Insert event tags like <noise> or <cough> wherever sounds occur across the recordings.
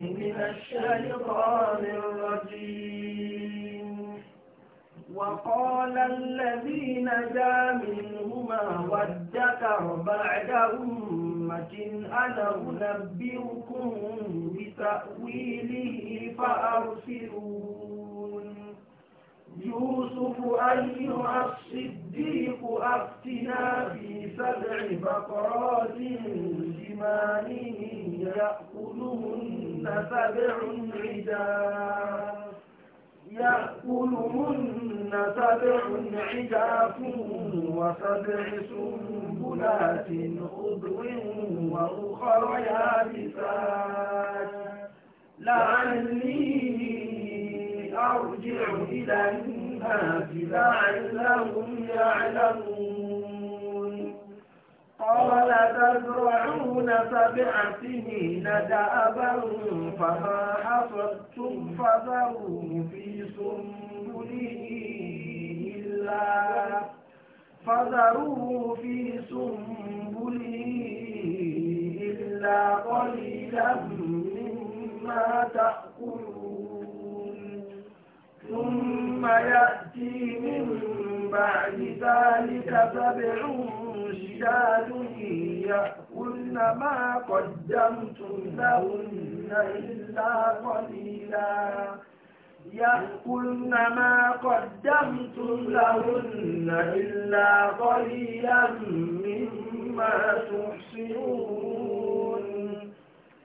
من الشيطان الرجيم وقال الذين جاء منهما وادكر بعد أمة أنا أنبئكم بتأويله فأرسلون يوسف أيها الصديق أفتنا في سبع بقرات جمال يأكلهن سبع عجاف يأكلهن سبع عجاف وسبع سنبلات خضر وأخر يابسات لعلي أرجع إلى الناس لعلهم يعلمون قال تزرعون سبع سنين دأبا فما حصدتم فذروه في سنبله إلا فذروه في سنبله إلا قليلا مما تأكلون ثم يأتي من بعد ذلك سبع شداد يأكلن ما قدمتم لهن إلا قليلا يأكلن ما قدمتم لهن إلا قليلا مما تحسنون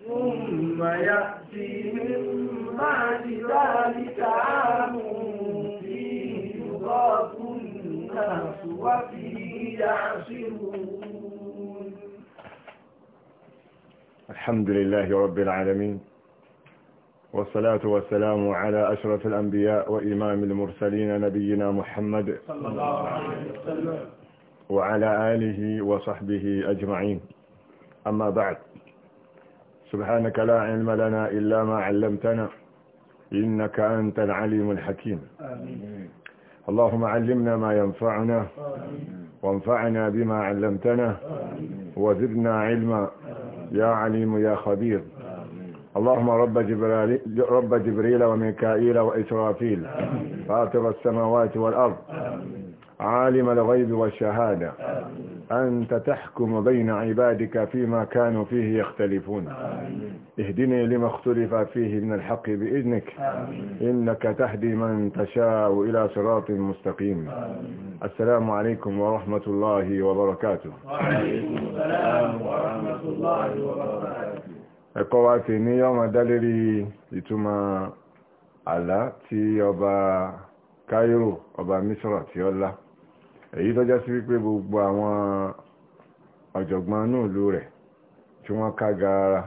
ثم يأتي من مع ذلك عام فيه يضاف الناس وفيه يعصرون الحمد لله رب العالمين والصلاة والسلام على أشرف الأنبياء وإمام المرسلين نبينا محمد صلى الله عليه وسلم وعلى آله وصحبه أجمعين أما بعد سبحانك لا علم لنا إلا ما علمتنا إنك أنت العليم الحكيم آمين. اللهم علمنا ما ينفعنا آمين. وانفعنا بما علمتنا آمين. وزدنا علما يا عليم يا خبير اللهم رب جبريل, رب جبريل وميكائيل وإسرافيل فاطر السماوات والأرض عالم الغيب والشهادة أنت تحكم بين عبادك فيما كانوا فيه يختلفون آمين. اهدني لما اختلف فيه من الحق بإذنك آمين. إنك تهدي من تشاء إلى صراط مستقيم آمين. السلام عليكم ورحمة الله وبركاته وعليكم السلام ورحمة الله وبركاته أقواتي نيوم دلري لتما على تيوبا كايرو وبا مصر تيولا èyí tọ́já sí wípé gbogbo àwọn ọ̀jọ̀gbọ́n náà ló rẹ̀ tí wọ́n ká gaara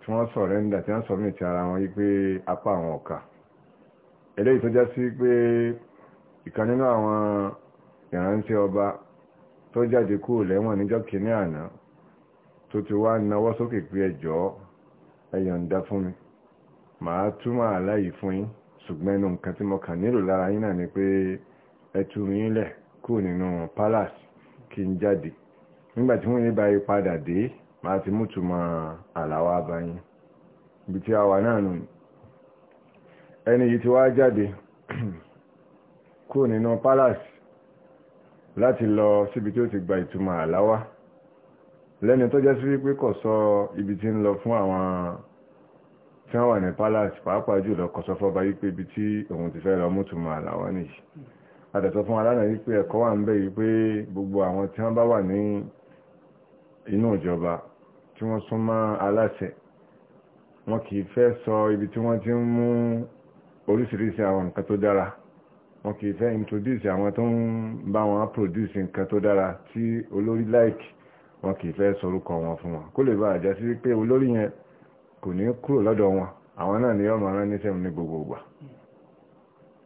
tí wọ́n sọ̀rẹ́ndà tí wọ́n sọ̀rọ̀ ti ara wọn wípé apá àwọn ọ̀ka eléyìí tọ́já sí wípé ìkan nínú àwọn ìránṣẹ́ ọba tó jáde kúrò lẹ́wọ̀n níjọ́ kìíní àná tó ti wá nawọ́ sókè pé ẹjọ́ ẹ fún mi màá túmọ̀ àlàyé fún yín ṣùgbọ́n ẹnu nǹkan tí mo kàn nílò lára yín náà ni pé ẹ tú mi lẹ̀ kúrò nínú palace kí n jáde nígbà tí wọ́n yí bá yí padà dé máa ti mútùmọ̀ àlàwà abáyín ibi tí a wà náà nù ẹni yìí ti wá jáde <clears throat> kúrò nínú palace láti lọ síbi tí ó ti gba ìtumọ̀ àláwá lẹ́ni tó jẹ́ sí wípé kò sọ ibi tí ń lọ fún àwọn tí wọ́n wà ní palace pàápàá jùlọ kò sọ fọ́ba wípé ibi tí òun ti fẹ́ lọ mútùmọ̀ àláwá nìyí àtẹ̀sọ fún aláàrẹ̀ wípé ẹ̀kọ́ wà ń bẹ̀ wípé gbogbo àwọn tí wọ́n bá wà ní inú ìjọba tí wọ́n súnmọ́ aláṣẹ wọn kì í fẹ́ sọ ibi tí wọ́n ti ń mú oríṣiríṣi àwọn nǹkan tó dára wọn kì í fẹ́ introduce àwọn tó ń bá wọn produce nǹkan tó dára tí olórí like wọn kì í fẹ́ sọrúkọ wọn fún wọn kó lè bá àjá sí pé olórí yẹn kò ní kúrò lọ́dọ̀ wọn àwọn náà ni ọmọ rán ní gbogbo ìgbà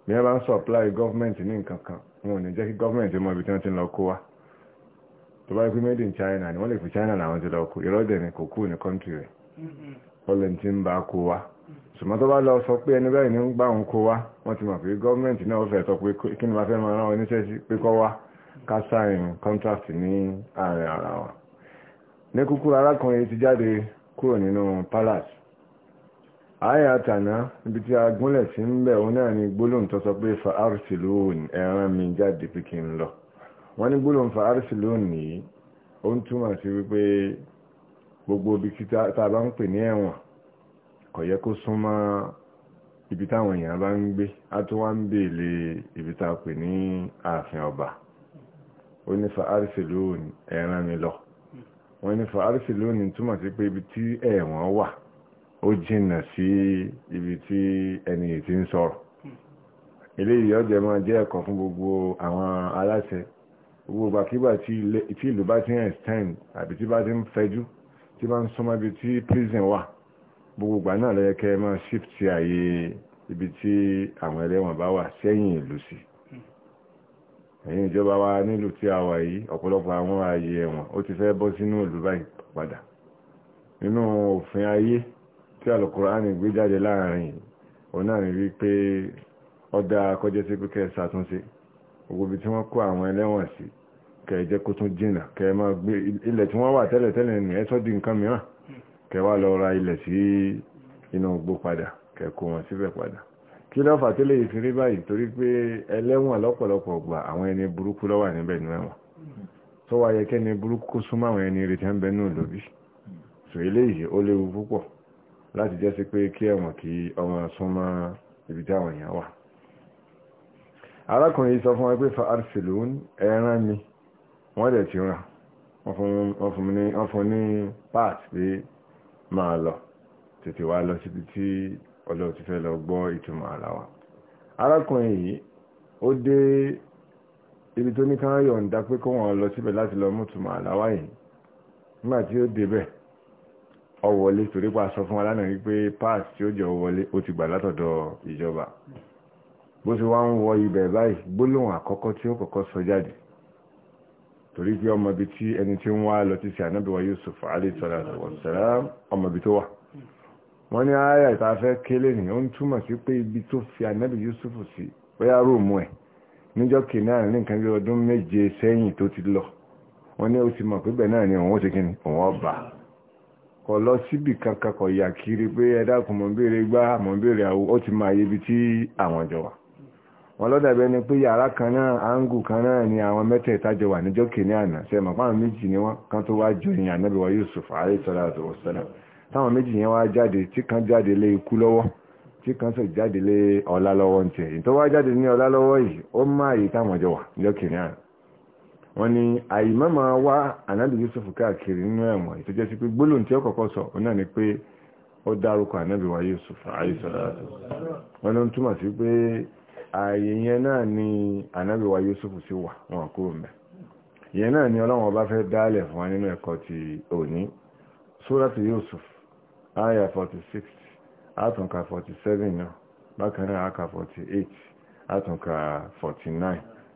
bí wọ́n bá ń supply gọ́ọ̀mẹ̀ntì ní nǹkan kan wọn ò ní jẹ́ kí gọ́ọ̀mẹ̀ntì mọ ibi tí wọ́n ti lọ kó wa tó bá gbé made in China ni wọ́n lè fi China làwọn ti lọ kó ìrọ́dẹ̀ ni kò kú ní mm-hmm. ti ń bá kó wa mm-hmm. tó bá lọ sọ pé ẹni báyìí ní ń gbà ń kó wa wọ́n ti mọ̀ pé náà fẹ́ sọ pé kí ni wọ́n fẹ́ máa wa ká sáìn ara wa ní arákùnrin àyà tànà ibi tí a gúnlẹ̀ sí ń bẹ̀ òun náà ni gbólóhùn tó sọ pé fa arsilon ẹran mi jáde pé kí n lọ wọ́n ní gbólóhùn fa arsilon yìí ó ń túmọ̀ sí wípé gbogbo ibi tá a bá ń pè ní ẹ̀wọ̀n kò yẹ kó súnmọ́ ibi táwọn èèyàn bá ń gbé á tó wá ń bèèlè ibi tá a pè ní ààfin ọba ó ní fa arsilon ẹran mi lọ wọ́n ní fa arsilon túmọ̀ sí pé ibi tí ẹ̀wọ̀n wà ó jìnnà sí ibi tí ẹni yìí ti ń sọ̀rọ̀ eléyìí ọjọ́ máa jẹ́ ẹ̀kọ́ fún gbogbo àwọn aláṣẹ gbogbo gbàkígbà tí ìlú bá ti ń extend àbí tí bá ti ń fẹjú tí bá ń súnmọ́ ibi tí prison wà gbogbo gbà náà lẹ́yẹ kẹ́ máa shift sí àyè ibi tí àwọn ẹlẹ́wọ̀n bá wà sẹ́yìn ìlú sí ẹ̀yìn ìjọba wa nílùú tí a wà yìí ọ̀pọ̀lọpọ̀ àwọn ààyè ẹ̀wọ̀n ó ti fẹ́ bọ́ sínú ìlú báyìí padà nínú òfin ayé tí a gbé jáde láàrin òun náà ni wípé ọdá kọjẹ́ sí pé tún ṣàtúnṣe gbogbo tí wọ́n kó àwọn ẹlẹ́wọ̀n sí kẹ́ kó tún jìnà kẹ máa gbé ilẹ̀ tí wọ́n wà tẹ́lẹ̀ tẹ́lẹ̀ nù mìíràn ra ilẹ̀ sí inú padà kó wọn síbẹ̀ padà kí ló fà tẹ́lẹ̀ yìí fi rí báyìí torí pé ẹlẹ́wọ̀n lọ́pọ̀lọpọ̀ gbà àwọn ẹni burúkú níbẹ̀ ẹ̀wọ̀n tó kẹ́ni burúkú so eléyìí ó léwu púpọ̀ láti jẹ́ sí pé kí ẹ̀wọ̀n kí ọmọ súnmọ́ ibi tí àwọn èèyàn wà arákùnrin sọ fún wọn fa arsilun ẹran mi wọ́n dẹ̀ ti ràn wọ́n fún ní part pé máa lọ tètè wá lọ síbi tí ọlọ́ ti fẹ́ lọ gbọ́ ìtumọ̀ ara wa arákùnrin yìí ó dé ibi tó ní káyọ̀ ń pé kó wọn lọ síbẹ̀ láti lọ mú ìtumọ̀ àláwá yìí nígbà tí ó débẹ̀ ó wọlé torí pa sọ fún alánà wípé pass tí ó jẹ́ ó wọlé ó ti gbà látọ̀dọ̀ ìjọba bó ṣe wá ń wọ ibẹ̀ báyìí gbólóhùn àkọ́kọ́ tí ó kọ́kọ́ sọ jáde torí pé ọmọbi tí ẹni tí ń wá lọ ti ṣe ànábì wa Yusuf alayhi salatu wassalam ọmọbi tó wà wọ́n ní ààyè ìtafẹ́ kélé ni ó ń túmọ̀ sí pé ibi tó fi ànábì Yusuf sí bóyá róòmù ẹ̀ níjọ́ kìíní àrùn ní nǹkan bí ọdún méje sẹ́yìn tó ti lọ wọ́n ní ó ti mọ̀ pé bẹ́ẹ̀ náà ni òun ó ti kíni òun ọba kọ̀ lọ síbì kankan kọ yà kiri pé ẹ mọ̀ gbá ti máa tí àwọn jọ wà wọn lọ́dàbí pé yàrá kan náà áńgù kan náà ni àwọn mẹ́tẹ̀ẹ̀ta jọ wà níjọ́ kìíní àná ṣe mọ̀ páwọn méjì kan tó wá ju wa Yusuf alayhi salatu wassalam táwọn méjì yẹn wá jáde tí kan jáde lé ikú lọ́wọ́ tí kan jáde lé ọlá lọ́wọ́ ń tẹ̀ wọ́n ní àìmọ́mọ́ wá ànábì Yusuf káàkiri nínú ẹ̀wọ̀n tó jẹ́ sí pé gbólóhùn tí ó kọ́kọ́ sọ náà ni pé ó dárúkọ ànábì wa Yusuf àìsàlátù wọ́n ló ń túmọ̀ sí pé ààyè yẹn náà ni ànábì wa Yusuf sí wà wọn kúrò mẹ́ yẹn náà ni ọlọ́wọ́n bá fẹ́ dálẹ̀ fún wa nínú ẹ̀kọ́ ti òní sóràtì Yusuf aya 46 àtúnkà 47 náà bákan náà àkà 48 àtúnkà 49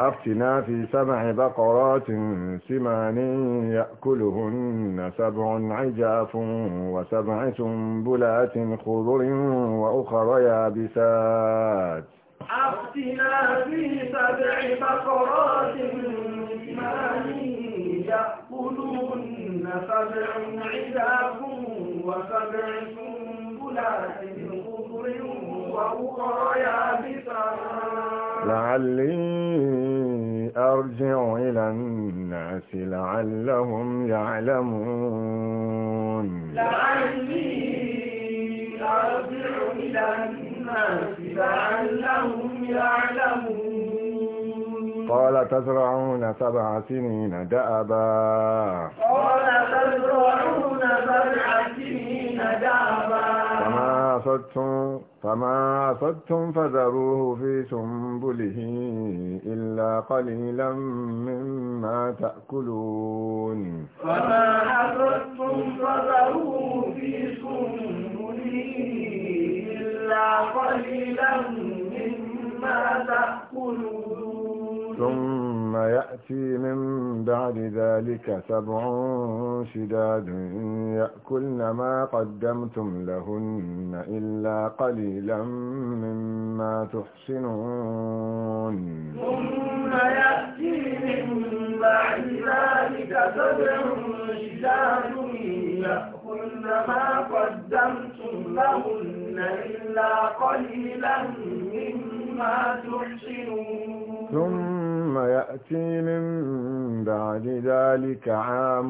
أفتنا في سبع بقرات سمان يأكلهن سبع عجاف وسبع سنبلات خضر وأخر يابسات أفتنا في سبع بقرات سمان يأكلهن سبع عجاف وسبع سنبلات خضر لعلي أرجع إلى الناس لعلهم يعلمون لعلي أرجع إلى الناس لعلهم يعلمون قال تزرعون سبع سنين دأبا قال تزرعون سبع سنين دأبا عصدتم فما عصدتم فذروه في سنبله إلا قليلا مما تأكلون فما عصدتم فذروه في سنبله إلا قليلا مما تأكلون ثم يأتي من بعد ذلك سبع شداد يأكلن ما قدمتم لهن إلا قليلا مما تحسنون ثم يأتي من بعد ذلك سبع شداد يأكلن ما قدمتم لهن إلا قليلا مما تحسنون ثم يأتي من بعد ذلك عام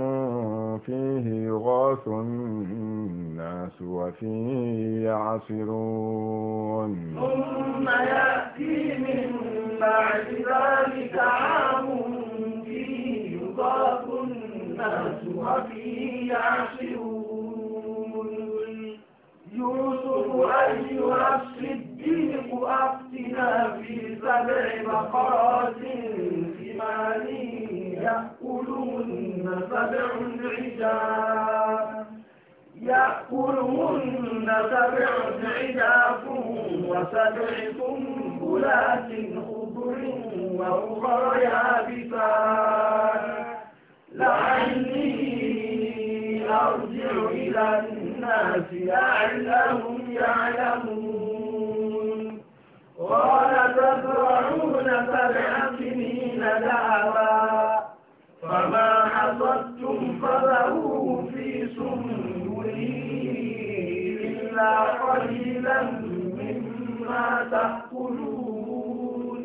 فيه يغاث الناس وفيه يعصرون ثم يأتي من بعد ذلك عام فيه يغاث الناس وفيه يعصرون يوسف أيها الصديق فيه أفتنا في سبع بقرات ثمان يأكلهن سبع عجاف يأكلهن سبع عجاف وسبع سنبلات خضر وأخرى يابسات لعلي أرجع إلى الناس لعلهم يعلمون قال تزرعون سبع سنين دابا فما حصدتم فذروه في سنبله إلا قليلا مما تأكلون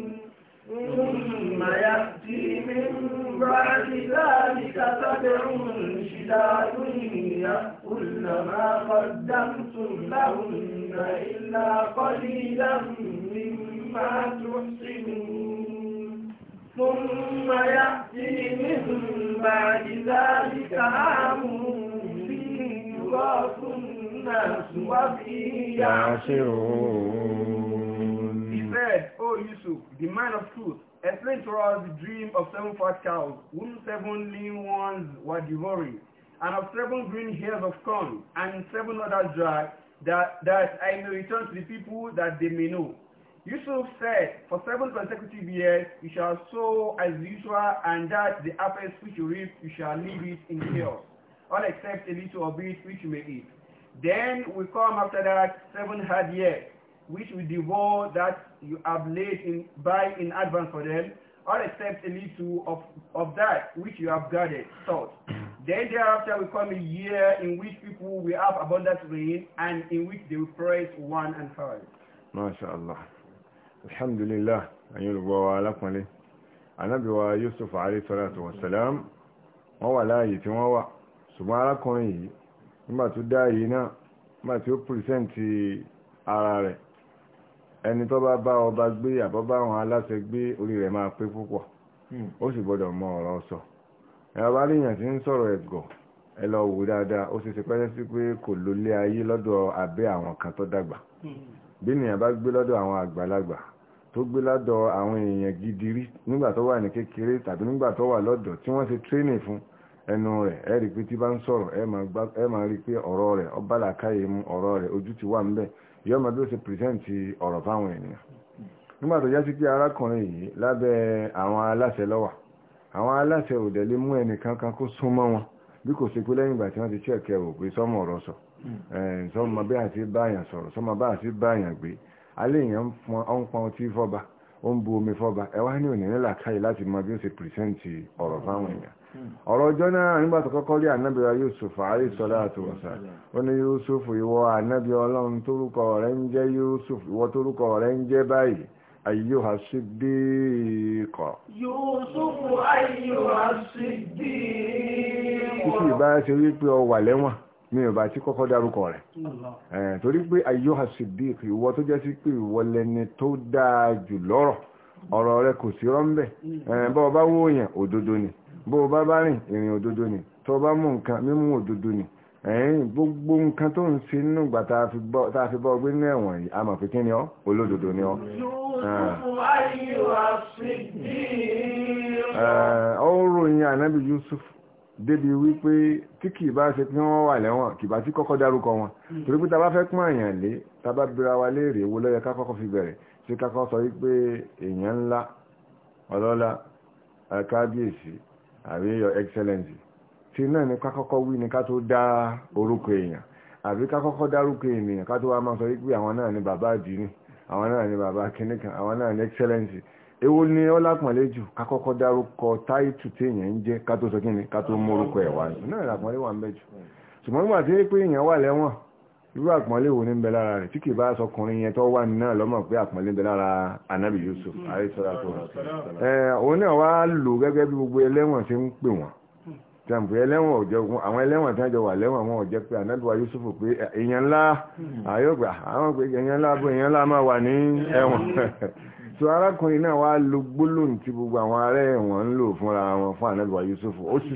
ثم يأتي من بعد ذلك سبع لا يهين كل ما قدمتم لهن إلا قليلا مما تحسنون ثم يأتي من بعد ذلك عام فيه يغاث الناس وفيه يعشرون He said, O oh, Yusuf, the man of truth, explain to us the dream of seven fat cows, whom seven lean ones were devouring and of seven green hairs of corn, and seven others dry, that, that I may return to the people that they may know. Yusuf said, For seven consecutive years you shall sow as usual, and that the harvest which you reap you shall leave it in chaos, all except a little of it which you may eat. Then will come after that seven hard years, which will devour that you have laid in, by in advance for them, all except a little of, of that which you have gathered, salt. <clears throat> Then thereafter will come a year in which people will have abundant rain and in which they will praise one and another. MashaAllah. Alhamdulillah. Ẹ̀yin olùgbọ́ wa alákùnlé. Anábì wa Yusuf alayhi salatu wa salam, wọ́n wà láàyè tí wọ́n wà. Ṣùgbọ́n arákùnrin yìí, nígbà tó dá yìí náà, nígbà tí ó pìrìsẹ́ǹtì ara rẹ̀, ẹni tó bá bá ọba gbé àbọ́ bá àwọn aláṣẹ gbé orí rẹ̀ máa pé púpọ̀ hmm. ó sì gbọ́dọ̀ mọ ọ̀rọ̀ sọ ẹ̀rọ bá léèyàn tí ń sọ̀rọ̀ ẹ̀gọ̀ ẹ lọ wò dáadáa ó sì ṣe pẹ́lẹ́ sí pé kò ló lé ayé lọ́dọ̀ abẹ́ àwọn kan tó dàgbà hmm. bí ènìyàn bá gbé lọ́dọ̀ àwọn àgbàlagbà tó gbé lọ́dọ̀ àwọn èèyàn gidi rí nígbà tó wà ní kékeré tàbí nígbà tó wà lọ́dọ̀ tí wọ́n ṣe tírénì fún ẹnu rẹ̀ ẹ rí pé tí bá ń sọ̀rọ̀ ẹ máa rí pé ọ̀rọ̀ rẹ̀ ọbálàkáyé mu ọ̀rọ̀ rẹ̀ ojú ti wà ń bẹ̀ yóò máa bí ó ṣe pìrìsẹ́ǹtì ọ̀rọ̀ fáwọn ènìyàn nígbà tó jásí pé arákùnrin yìí lábẹ́ àwọn aláṣẹ lọ́wà àwọn aláṣẹ ò dẹ̀lé mú ẹnì kankan kó súnmọ́ wọn bí kò ṣe pé lẹ́yìn ìgbà tí wọ́n ti ṣẹ̀kẹ́ ò pé sọ́mọ ọ̀rọ̀ sọ sọ́mọ bí àti báyàn sọ̀rọ̀ sọ́mọ bá àti báyàn gbé alẹ́ èèyàn ń pọn ọtí fọ́ba ó ń bu omi fọ́ba ẹ wá ní òní nílà káyì láti mọ bí ó ṣe pìrìsẹ́ǹtì ọ̀rọ̀ fáwọn èèyàn ọ̀rọ̀ ọjọ́ náà nígbà tó kọ́kọ́ rí Yusuf alayhi salatu wa salam ó ní Yusuf ìwọ ànábì ọlọ́run tórúkọ rẹ̀ ń Yusuf ìwọ tórúkọ rẹ̀ ń jẹ́ báyìí ayyuha Yusuf ayyuha siddiq títí ìbá ṣe rí pé ọ wà lẹ́wọ̀n mi ò bá kọ́kọ́ torí pé ìwọ tó jẹ́ sí pé ìwọ lẹni tó dáa jù lọ́rọ̀ kò sí mm. bá yẹn òdodo ni bó o bá bá rìn ìrìn òdodo ni tó bá mú nǹkan mímú òdodo ni ẹ̀yìn gbogbo nǹkan tó ń ṣe nínú ìgbà tá a fi bọ́ ọgbé nínú ẹ̀wọ̀n yìí a mọ̀ pé kí ni ọ́ olódodo ni ọ́. ó ròyìn ànábì Yusuf débi wípé tí kì bá ṣe pé wọ́n wà lẹ́wọ̀n kì bá tí kọ́kọ́ dárúkọ wọn torí pé tá fẹ́ pín àyàn lé tá bá wa léèrè wo ló ká kọ́kọ́ fi bẹ̀rẹ̀ ṣé ká kọ́kọ́ sọ wípé èèyàn ńlá ọlọ́lá kábíyèsí àbí your excellency tí náà ní kákọ́kọ́ wí ni ká tó dá orúkọ èèyàn àbí kákọ́kọ́ dárúkọ ènìyàn ká tó wá máa sọ wípé àwọn náà ní bàbá àdínì àwọn náà ní bàbá kìnnìkan àwọn náà ní excellency èwo ni ó lápọ̀nlé jù kákọ́kọ́ dárúkọ táìtù tí èèyàn ń jẹ́ ká orúkọ ẹ̀ wá náà lápọ̀nlé wà ń ṣùgbọ́n nígbà tí èèyàn irú àpọ́nlé wo ní ń bẹ lára rẹ̀ tí kì bá sọkùnrin yẹn tó wà náà lọ́mọ̀ pé àpọ́nlé bẹ lára anabi yusuf àríṣọ́lá tó wà òun náà wá lò gẹ́gẹ́ bí gbogbo ẹlẹ́wọ̀n ṣe ń pè wọ́n tẹ̀m̀pù hmm. ẹlẹ́wọ̀n òjọ̀gùn àwọn ẹlẹ́wọ̀n tí wọ́n jọ wà lẹ́wọ̀n wọn jẹ́ pé anabi yusuf pé èèyàn ńlá hmm. àyọ̀gbà àwọn pé èèyàn ńlá bó èèyàn ńlá máa wà ní hmm. ẹ̀wọ̀n so arákùnrin náà wá lo gbólóhùn tí gbogbo àwọn ará ẹ̀wọ̀n ń lò fúnra wọn fún ànábìwá Yusuf ó sì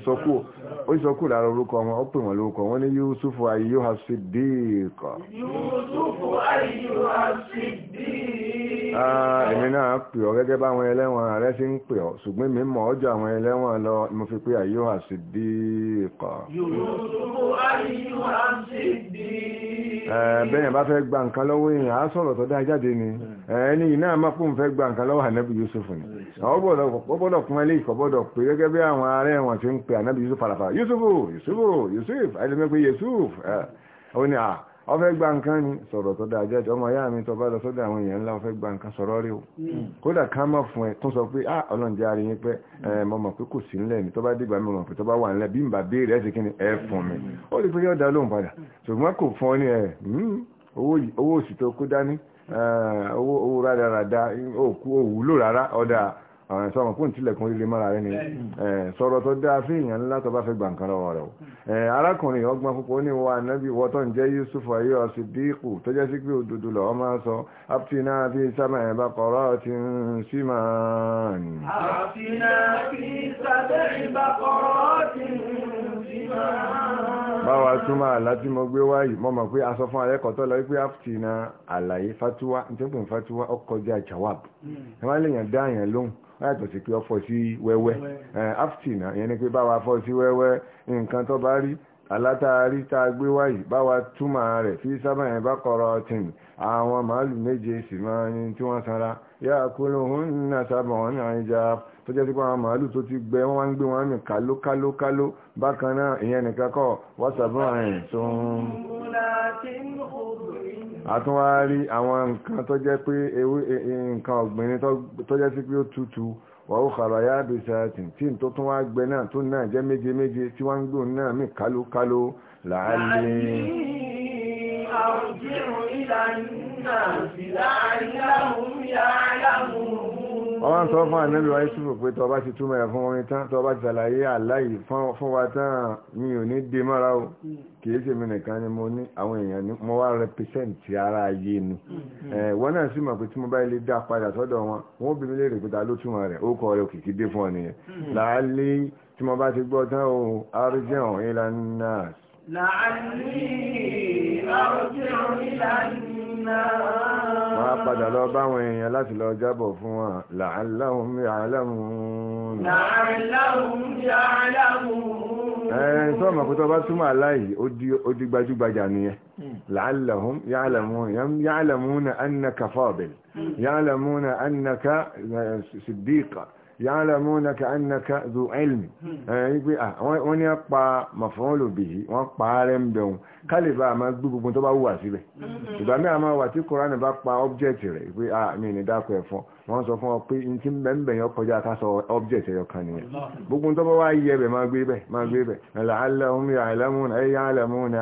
sọ kú lára orúkọ wọn ó pè wọn lórúkọ wọn ní Yusuf ayyuha siddiq Yusuf ayyuha siddiq ah, èmi náà pè ọ gẹ́gẹ́ báwọn ẹlẹ́wọ̀n ààrẹ ti ń pè ọ ṣùgbọ́n mi mọ̀ ọjọ́ àwọn ẹlẹ́wọ̀n lọ mo fi pé ayyuha siddiq Yusuf ayyuha siddiq eh, bẹ́ẹ̀ bá fẹ́ gba nǹkan lọ́wọ́ èèyàn á ni eh, ẹni náà má fẹ́ gba nǹkan lọ́wọ́ ànábì Yusuf ni ọgbọ́dọ̀ kún ẹlẹ́ ìkọ̀bọ́dọ̀ pé gẹ́gẹ́ bí àwọn ará ẹ̀wọ̀n ti ń pe ànábì Yusuf àlàfà Yusuf Yusuf Yusuf ẹlẹ́mẹ́ pé Yusuf ó ní à ọ fẹ́ gba nǹkan ni sọ̀rọ̀ tó dáa jẹ́ ọmọ ìyá mi tó bá lọ sọ́dọ̀ àwọn èèyàn ńlá ọ gba nǹkan sọ̀rọ̀ rí o kódà ká mọ̀ fún ẹ tún sọ pé ah ọlọ́run jẹ́ ara yín pé ẹ mọ̀ mọ̀ pé kò sí ńlẹ̀ mi tó bá dìgbà mi mọ̀ pé tó bá wà ńlẹ̀ bí n bá béèrè ẹ̀ sì kí ni ẹ fún mi ó rí pé yóò dá lóhùn padà ṣùgbọ́n kò fún ọ ní ẹ hmm, owó òsì tó kó dání ọwọ́ eh, rárára dá òkú òwúlò rárá ọ̀dà àwọn ẹ̀sọ́ ọmọ fún ìtìlẹ̀kùn líle mọ́ra rẹ ni sọ̀rọ̀ tó dáa fi èèyàn ńlá tó bá fẹ́ gbà lọ́wọ́ rẹ̀ o arákùnrin ọgbọ́n púpọ̀ ní wa ń Yusuf ayé ọ̀sìn díìkù tó jẹ́ sí pé òdodo lọ́wọ́ máa sọ aptina fi sábà ẹ̀ bá ti ń sí máa fi sábà ẹ̀ bá ti ń sí máa láìtọ̀ sí pé ọ fọ́ sí wẹ́wẹ́ aftina ìyẹn ni pé báwa fọ́ sí wẹ́wẹ́ nǹkan tó bá rí alátàárí fi sábà yẹn bá kọ̀rọ̀ tìǹ àwọn màálù méje sì máa ń tí wọ́n sanra yá kúlóhùn náà sábà tó jẹ́ sípò àwọn màálù tó ti gbẹ wọ́n wá ń gbé wọn ní káló káló káló bákan náà ìyẹn nìkan kọ́ wọ́sàbọ̀n àrìn tó ń àtúnwárí àwọn nǹkan tó jẹ́ pé e, e, nǹkan ọ̀gbìn tó jẹ́ sí pé ó tutù wàá kàrà yá bìsàtì tí tó tún wá gbẹ náà tó náà jẹ́ méje méje tí wọ́n ń gbò náà mí káló káló làálẹ́ àrùn jírùn ìlànà ìlànà ìlànà wọ́n wá ń sọ fún ànábì wa Yúsúfù pé tọba ti túmọ̀ ẹ̀ fún orin tán tọba ti ṣàlàyé àláyé fún wa tán mi ò ní dé mọ́ra o kì í ṣe mi nìkan ni mo ní àwọn èèyàn ni mo wá rẹpẹsẹ̀ǹtì ara ayé ni mm-hmm. wọ́n náà sì mọ̀ pé tí mo bá lè dá padà sọ́dọ̀ wọn wọ́n bí mi lè rè pé ló túmọ̀ rẹ̀ ó kọ rẹ̀ òkìkí dé fún ọ nìyẹn mm-hmm. làálẹ́ tí mo bá ti gbọ́ tán o arjẹ́hùn ìlànà. làálẹ́ arjẹ́hùn ìlànà wọ́n á padà lọ báwọn èèyàn láti lọ jábọ̀ fún wọn la'allahum ya'lamun. la'allahum ya'lamun. ẹ sọ ma kó tó bá túmọ̀ aláì ó di gbajúgbajà nìyẹn hmm. la'allahum ya'lamun ya'lamuna annaka fadil hmm. ya'lamuna annaka eh, siddiqa ya'lamuna ka'annaka zu ilmi hmm. ẹ̀yìn pé wọ́n ní pa maf'ulu bihi wọ́n pa rẹ̀ ń bẹ̀rùn kálífà àmá gbé gbogbo tó bá wùwà síbẹ̀ hmm. ìgbà mí àmá wà tí kòránì bá pa ọ́bjẹ̀tì rẹ̀ pé à mí ní dákọ̀ ẹ̀fọn wọ́n sọ fún ọ pé n ti bẹ́ẹ̀ yọ kọjá kásọ ọ́bjẹ̀tì ẹ̀yọ kan nìyẹn gbogbo tó bá wá yẹ bẹ̀ máa gbé bẹ̀ máa gbé bẹ̀ la'allahum ya'lamuna ay ya'lamuna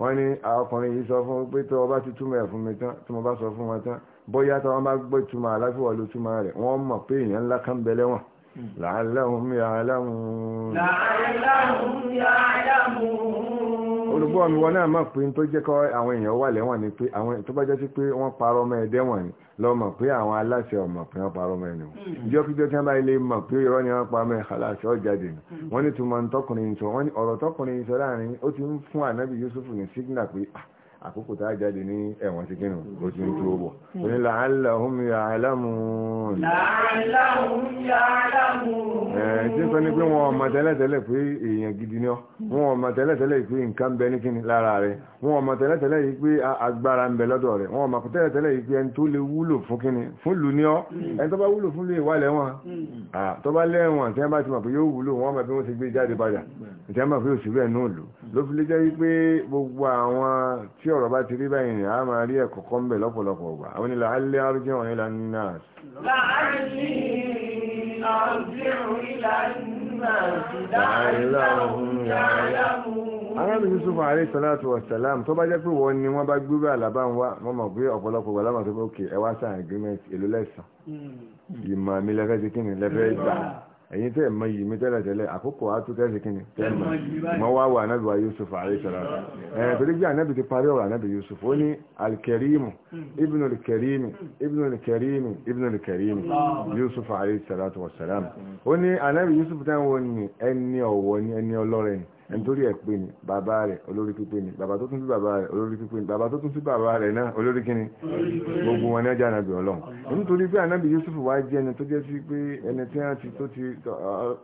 wọ́n ní ọkùnrin yìí sọ fún pé tó ọba ti túmọ̀ ẹ̀ fún mi tán tí mo bá sọ fún wọn tán bóyá tí wọ́n bá gbé túmọ̀ àláfíwọ̀ ló túmọ̀ rẹ̀ wọ́n mọ̀ pé èèyàn ńlá kan bẹ lẹ́wọ̀n làálàhùn yàálàhùn. làálàhùn yàálàhùn olùgbọ́ mi wọn náà mọ̀ pé tó jẹ́ kọ́ àwọn èèyàn wà lẹ́wọ̀n ni pé àwọn tó bá jẹ́ sí pé wọ́n parọ́ ọmọ ẹ̀dẹ́ wọ̀n ni lọ́mọ̀ pé àwọn aláṣẹ ọmọ pé wọ́n parọ́ ọmọ ẹni hmm. ìjọ kíjọ tí wọ́n bá ilé mọ̀ pé irọ́ ni wọ́n pa ọmọ ìkàláṣẹ ọ̀jáde ni hmm. wọ́n ní túmọ̀ tọkùnrin sọ wọ́n ní ọ̀rọ̀ tọkùnrin sọ láàrin ó ti ń fún ànábì Yusuf ní sígínà pé ah, àkókò tá a jáde ní ẹ̀wọ̀n ti kínú ojú ń tó wọ̀ hmm. ní làálàhùn ya'lamun làálàhùn ya'lamun ẹ̀ tí sọ ní pé wọn ọmọ tẹ́lẹ̀tẹ́lẹ̀ pé èèyàn gidi ni ọ wọn ọmọ tẹ́lẹ̀tẹ́lẹ̀ pé nǹkan bẹ ní kíni lára rẹ wọn ọmọ tẹ́lẹ̀tẹ́lẹ̀ yìí pé agbára ń bẹ lọ́dọ̀ rẹ wọn ọmọ tẹ́lẹ̀tẹ́lẹ̀ yìí pé ẹni tó lè wúlò fún kíni fún lù ní ọ hmm. ẹni tó bá wúlò fún lè wà lẹ́wọ̀n hmm. tó bá lẹ́wọ̀n tí wọ́n bá ti mọ̀ pé yóò wúlò wọn mọ̀ bí wọ́n ti gbé jáde padà tí wọ́n mọ̀ ẹ̀ náà lò ló fi lè jẹ́ wípé gbogbo àwọn tí ọ̀rọ̀ bá ti rí báyìí ni a máa rí ẹ̀kọ́kọ́ ń bẹ̀ lọ́pọ̀lọpọ̀ ọgbà àwọn ilẹ̀ alẹ́ arúgbó wọn ilẹ̀ nínú arábìnrin sọ́fà àrí sọ́látù ọ̀sẹ̀lám tó bá jẹ́ pé wọ́n ni wọ́n bá gbúrú àlàbá ń wá wọ́n mọ̀ pé ọ̀pọ̀lọpọ̀ wà lámà tó bó kè ẹwà sáà agreement èlò lẹ́sàn hmm. ìmọ̀ mi lẹ́fẹ́ ẹ̀yin tẹ́ mọ yìí mi tẹ́lẹ̀ tẹ́lẹ̀ àkókò àtú tẹ́sí kí ni mọ wá wà anábì wa yusuf àríṣẹ́lá ẹ̀ torí bí anábì ti parí ọ̀rọ̀ anábì yusuf ó ní alkerimu hmm. ibnu alkerimu ibnu alkerimu ibnu alkerimu yusuf àríṣẹ́lá tó wà sàlámù ó ní anábì yusuf táwọn ẹni ọ̀wọ̀ ni ẹni ọlọ́rẹ̀ ni nítorí ẹ̀ pé ni bàbá rẹ̀ olórí pípé ni bàbá tó tún sí bàbá rẹ̀ olórí pípé ni bàbá tó tún sí bàbá rẹ̀ náà olórí kíni gbogbo wọn ní ọjà ànábì ọlọ́run nítorí pé ànábì Yusuf wá jẹ́ ẹni tó jẹ́ sí pé ẹni tí wọ́n ti tó ti